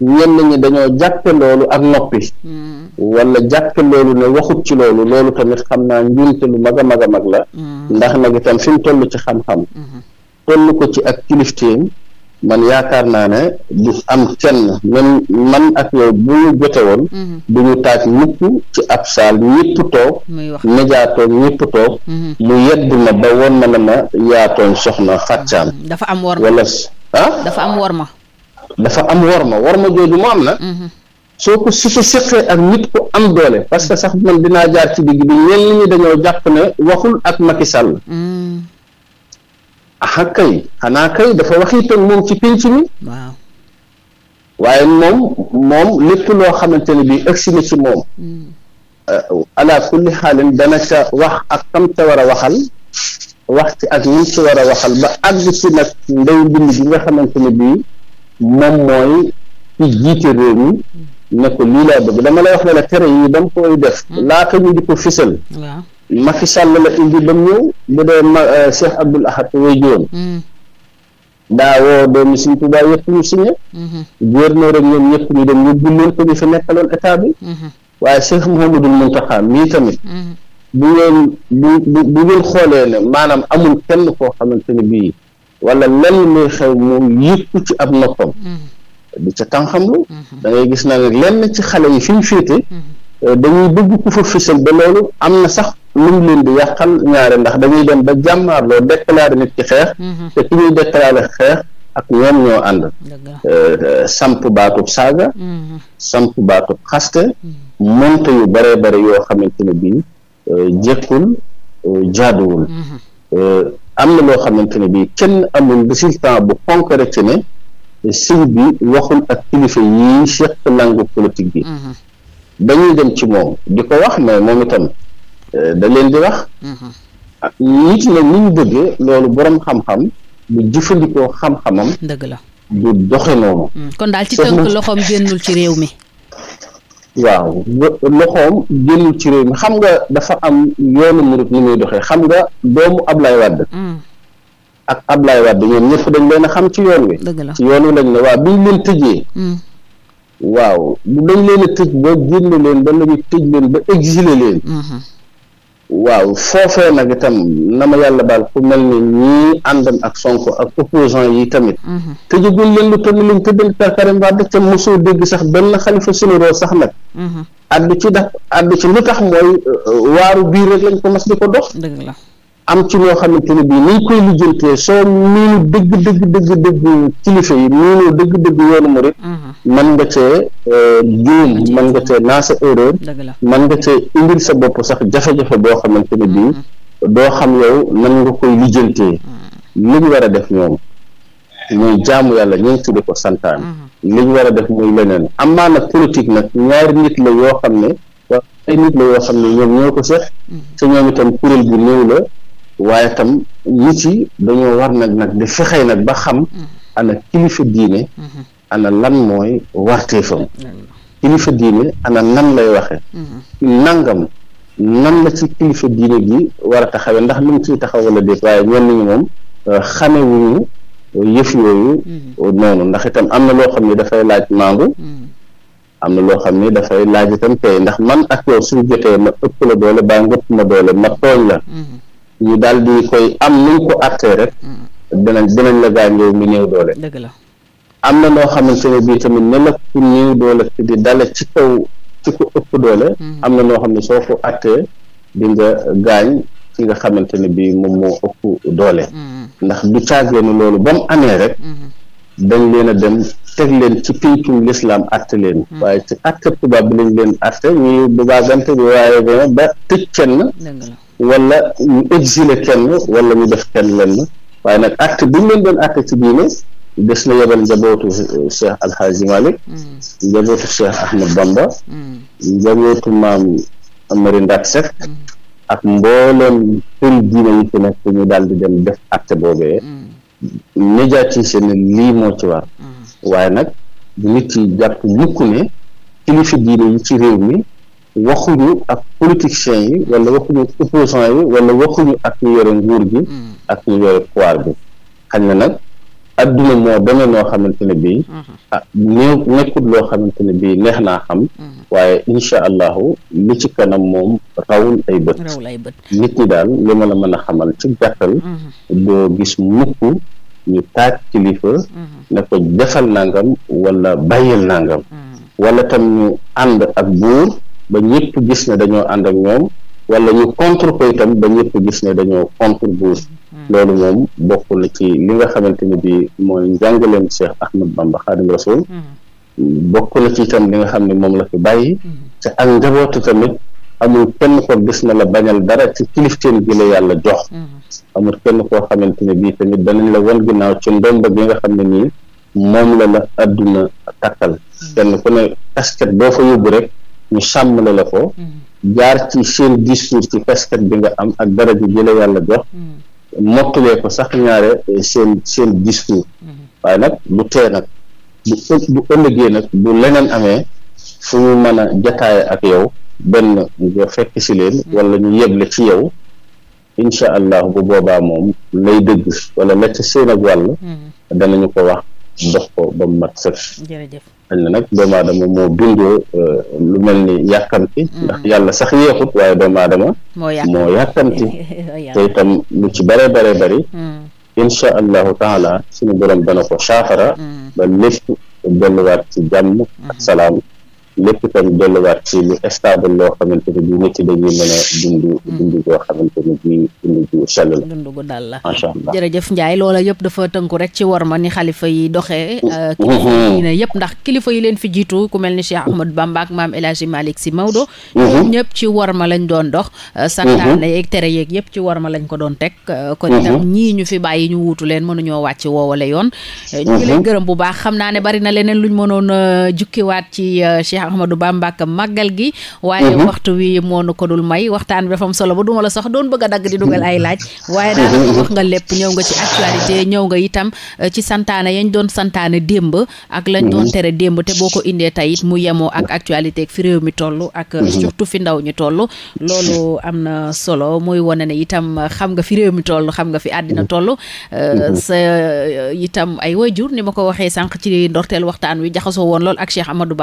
ñenn ñi dañoo jàppe loolu ak noppi mm. wala jàppe loolu ne waxut ci loolu loolu tamit xam naa njuumte lu mag a mag a mag la mm. ndax nag itam fi mu toll ci xam-xam mm-hmm. toll ko ci ak kilifteem man yaakaar naa ne du am kenn man ak yow bu ñu jote mhm. du ñu taaj mukk ci ab saal ñëpp toog média toog ñëpp toog mhm. mu yedd ma ba woon ma ne ma yaatooñ soxna fàccaan mhm. dafa am worma wala ah dafa am worma dafa am worma worma jooju mu am na soo ko su ko seqee ak nit ku am doole parce que sax man dinaa jaar ci digg bi ñenn ñi dañoo jàpp ne waxul ak Macky Sall mm. ah kay xanaa kay dafa waxiitoon moom ci pénc mi waaye moom moom lépp loo xamante ne bii ëgsi na ci moom hmm. uh, ala kulli xaalin dana ca wax ak kam ca waxal wax ci ak ñun ci war waxal ba àgg ci nag ndaw bi nga xamante ne bii moom mooy ci jiite réew mi hmm. ne ko lii laa dama lay wax ne la tere yi dama koy def hmm. laata ñu di ko fisal Macky Sall la indi ba mu ñëw bu dee ma euh, Cheikh Abdoul Ahad way juróom mm. daawoo doomi Sëñ Tuubaa yëpp ñu signé mm-hmm. gouverneur ñoom ñëpp ñu dem yóbbu ñu fi nekkaloon état bi mm-hmm. waaye Cheikh Mouhamadoul Mountakha mii tamit mm-hmm. bu ngeen bu ngeen xoolee ne maanaam amul kenn koo xamante ne bii wala lenn muy xew moom yëpp ci ab noppam di ca tànxamlu da ngay gis naa ne lenn ci xale yi fi mu féete euh, dañuy bëgg ku fa fësal ba loolu am na sax lu leen di yàqal ñaare ndax dañuy dem ba jàmmaarloo déclaré nit ci xeex mhm. te ki ñuy déclaré xeex ak ñoom ñoo ànd euh, euh, samp baatub saaga mhm. samp baatub xaste mhm. monte yu bare bare yoo xamante ne bii euh, jëkkul jaaduwul am na loo xamante ne bii kenn amul résultat bu concret ci ne sëñ bi waxul ak kilifa yi seq langue politique bi dañuy dem ci moom di ko wax mais moom itam Euh, da leen di wax. Mm-hmm. Ah, nit nag ni ñu bëggee loolu borom xam-xam bu jëfandikoo xam-xamam. dëgg la du doxe noonu. Mm. kon daal ci tënk loxoom génnul ci réew mi. waaw loxoom génnul ci réew mi xam nga dafa am yoonu murit ni muy doxee xam nga doomu Ablaye Wade. Mm. ak Ablaye Wade ñoom ñëpp dañ leen xam ci yoon wi. dëgg la ci yoon wi lañ ne waaw biñ leen tëjee. Mm. waaw dañ leen a tëj ba génne leen ba la tëj leen ba exilé leen. Mm-hmm. waaw foofee nag itam na ma yàlla baal ku mel ni ñii àndan ak Sonko ak opposant yi tamit mhm. tëjagul leen lu toll liñ tëddal per Karim Wade te mosoo dégg sax benn xalifa sunuroo sax nag addu mhm. ci daf addu ci lu tax mooy euh, waaru biir rek lañ ko mas di ko dox dëgg la am ci ñoo xamante ne bii niñ koy lijjantee soo miinu dëgg dëgg dëgg dëgg kilifa yi miinu dëgg dëgg yoonu murit mhm. man nga cee euh, juum man nga cee naa sa erreur man nga cee indil sa bopp sax jafe-jafe boo xamante ne bii mm-hmm. doo xam yow nan nga koy lijjantee mm-hmm. li ñu war a def ñoom mooy jaamu yàlla ñu ngi tudde santaan mm-hmm. li ñu def muy leneen amaa nag politique nag ñaari nit la yoo xam ne nit la yoo xam ne ñoom ñoo ko seq te ñoom itam kuréel bu néew la waaye tam nit ci dañoo war nag nag di fexee nag ba xam ana kilifa diine ana lan mooy warteefam kilifa diine ana nan lay waxe nangam nan la ci kilifa diine gi war a taxawee ndax lu mu ciy taxaw wala déet waaye ñenn ñi moom euh, xamewuñu yëf yooyu mm-hmm. noonu ndax itam am na loo xam ne dafay laaj maangu mm-hmm. am na loo xam ne dafay laaj itam tey ndax man ak yow suñ jotee ma ëpp la doole baa ngëpp ma doole ma tooñ la mm-hmm. ñu daal di koy am nuñ ko àttee rek dinañ dinañ la gaañ yow mi néew doole am na noo xamante ne bii tamit ne la ku néew doole di dale ci kaw ci ko ëpp doole mm-hmm. am na noo xam ne soo ko attee di gaañ ki nga xamante ne bii moom moo ëpp doole mm-hmm. ndax du caagleenu loolu ba mu amee rek mm-hmm. dañ leen dem teg leen ci pincum lislaam atte leen waaye ci atte tubaab bi lañ leen atte ñuy bubaagante bi waaye ba ba tëj kenn wala ñu exilé kenn wala ñu def kenn lenn waaye nag atte bi ñu leen doon atte ci diine des na yebal njabootu eh, Cheikh Alhaji Malick mm. njabootu Cheikh Ahmed Bamba mm. njabootu maam Amari Ndak mm. ak mbooleem kër diine yi fi nekk ñu daal di dem def acte boobee médiatiser na lii moo ci war waaye nag bu nit yi jàpp mukk ne kilifa diine yi ci réew mi waxuñu ak politiciens yi yi wala waxuñu ak ñu yore nguur gi ak ñu yore pouvoir bi xañ na nag adduna moo demee noo xamante ne bii mm-hmm. ah néew nekkul loo xamante ne bii neex naa xam mm-hmm. waaye incha allahu li ci kanam moom rawul ay bët rawul ay bët nit ñi daal li ma la mën a xamal ci gàttal mm-hmm. doo gis mukk ñu taaj kilifa ne ko defal nangam wala bàyyil nangam wala tam ñu ànd ak buur ba ñëpp gis ne dañoo ànd ak ñoom wala ñu contre ko itam ba ñëpp gis ne dañoo contre buur Hmm. loolu moom bokk na ci li nga xamante ni bi mooy njàngaleem Cheikh Ahmed Bamba Xaadim Rasul hmm. bokk na ci itam li nga xam ne moom la fi bàyyi hmm. te ak njabootu tamit amul kenn ko gis na la bañal dara ci kilifteen gi la yàlla jox amul kenn koo xamante ne bii tamit danañ la wan ginnaaw ci ndomba gi nga xam ne nii moom la la àdduna takkal kenn ku ne casquette boo fa yóbbu rek ñu sàmmale la ko jaar ci seen discours ci casquette bi nga am ak dara ji la yàlla jox mottalee ko sax ñaare eh, seen seen discours mm-hmm. waaye nag bu tee nag bu bu ëllëgee nag bu leneen amee fu mu mën a jataay ak yow benn nga fekk si leen mm-hmm. wala ñu yeble ci yow incha allah bu boobaa moom lay dëgg wala la ca seen ak wàll mm-hmm. danañu ko wax dox ko ba mat sëf jërëjëf dañ na nag doomu aadama moo bindoo euh, lu mel ni yàkkamti mm-hmm. ndax yàlla sax yéexut waaye doomu aadama moo yàkkamti te itam lu ci bare bare bari mm. incha allahu taala suñu borom dana ko saafara mm. ba lépp delluwaat ci jàmm ak mm. salaam lépp itam delluwaat ci lu stable loo xamante ne bii nit yi mën a dund. Mm. dund gu dal la macha jërëjëf Ndiaye loola yëpp dafa tënku rek ci war ma ni xalifa yi doxe mm. euh, kilifa yi mm-hmm. ne yëpp ndax kilifa yi leen fi jiitu ku mel ni Cheikh Ahmadou Bamba maam El Hadji si Sy Maodo. Mm-hmm. ñëpp ci war ma lañ doon dox. Euh, santaane mm-hmm. yeeg tere yeeg yëpp ci war ma lañ ko doon teg. Euh, kon itam ñii ñu fi bàyyi ñu wuutu leen mën mënuñoo wàcc woowale yoon. ñu ngi leen gërëm bu baax xam naa ne ci Cheikh du Bamba ak màggal gi waaye mhm. waxtu wi moonu ko dul may waxtaan bi dafa solo ba duma la sax doon bëgg a dagg di dugal ay laaj waaye daanaka mhm. wax nga lépp ñëw nga ci actualité ñëw nga itam euh, ci santaana yañ doon santaane démb ak lañ doon mhm. tere démb te boo ko indee tey it mu yemoo ak actualité fi réew mi toll ak euh, surtout fi ndaw ñi toll loolu am na solo muy wane ne itam xam nga fi réew mi toll xam nga fi àddina toll euh, sa itam ay waajur ni ma ko waxee sànq ci ndorteel waxtaan wi jaxasoo woon ak Cheikh Amadou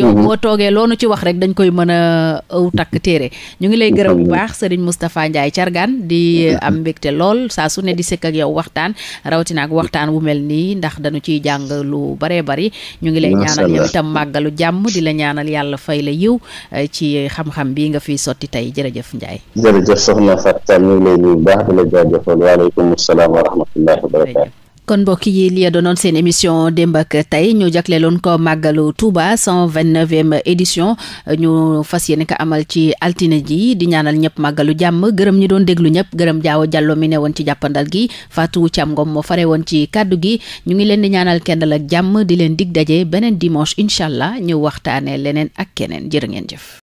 yow mhm. boo toogee loonu ci wax rek dañ koy mën a uh, ëw takk téere ñu ngi lay gërëm bu baax Serigne Moustapha Ndiaye Thiargane di uh, am mbégte lool saa su ne di sëkk ak yow waxtaan rawatina ak waxtaan wu mel nii ndax dañu ciy jàng lu baree bari ñu ngi lay ñaanal yow itam màggalu jàmm di la ñaanal yàlla fay la yiw uh, ci xam-xam bii nga fi sotti tey jërëjëf Ndiaye jërëjëf soxna Fatou ñu ngi lay nuyu baax di la jaajëfal waaleykum salaam wa rahmatullahi wa kon mbokk yi li doonoon seen émission démb ak tey ñu jagleeloon ko màggalu Touba cent vingt neuvième édition ñu fas yéene ko amal ci altine ji di ñaanal ñëpp màggalu jàmm gërëm ñi doon déglu ñëpp gërëm jaaw jàllo mi ne woon ci jàppandal gi Fatou Thiam Ngom moo fare woon ci kàddu gi ñu ngi leen di ñaanal kenn la jàmm di leen dig daje beneen dimanche incha allah ñu waxtaanee leneen ak keneen jërë ngeen jëf.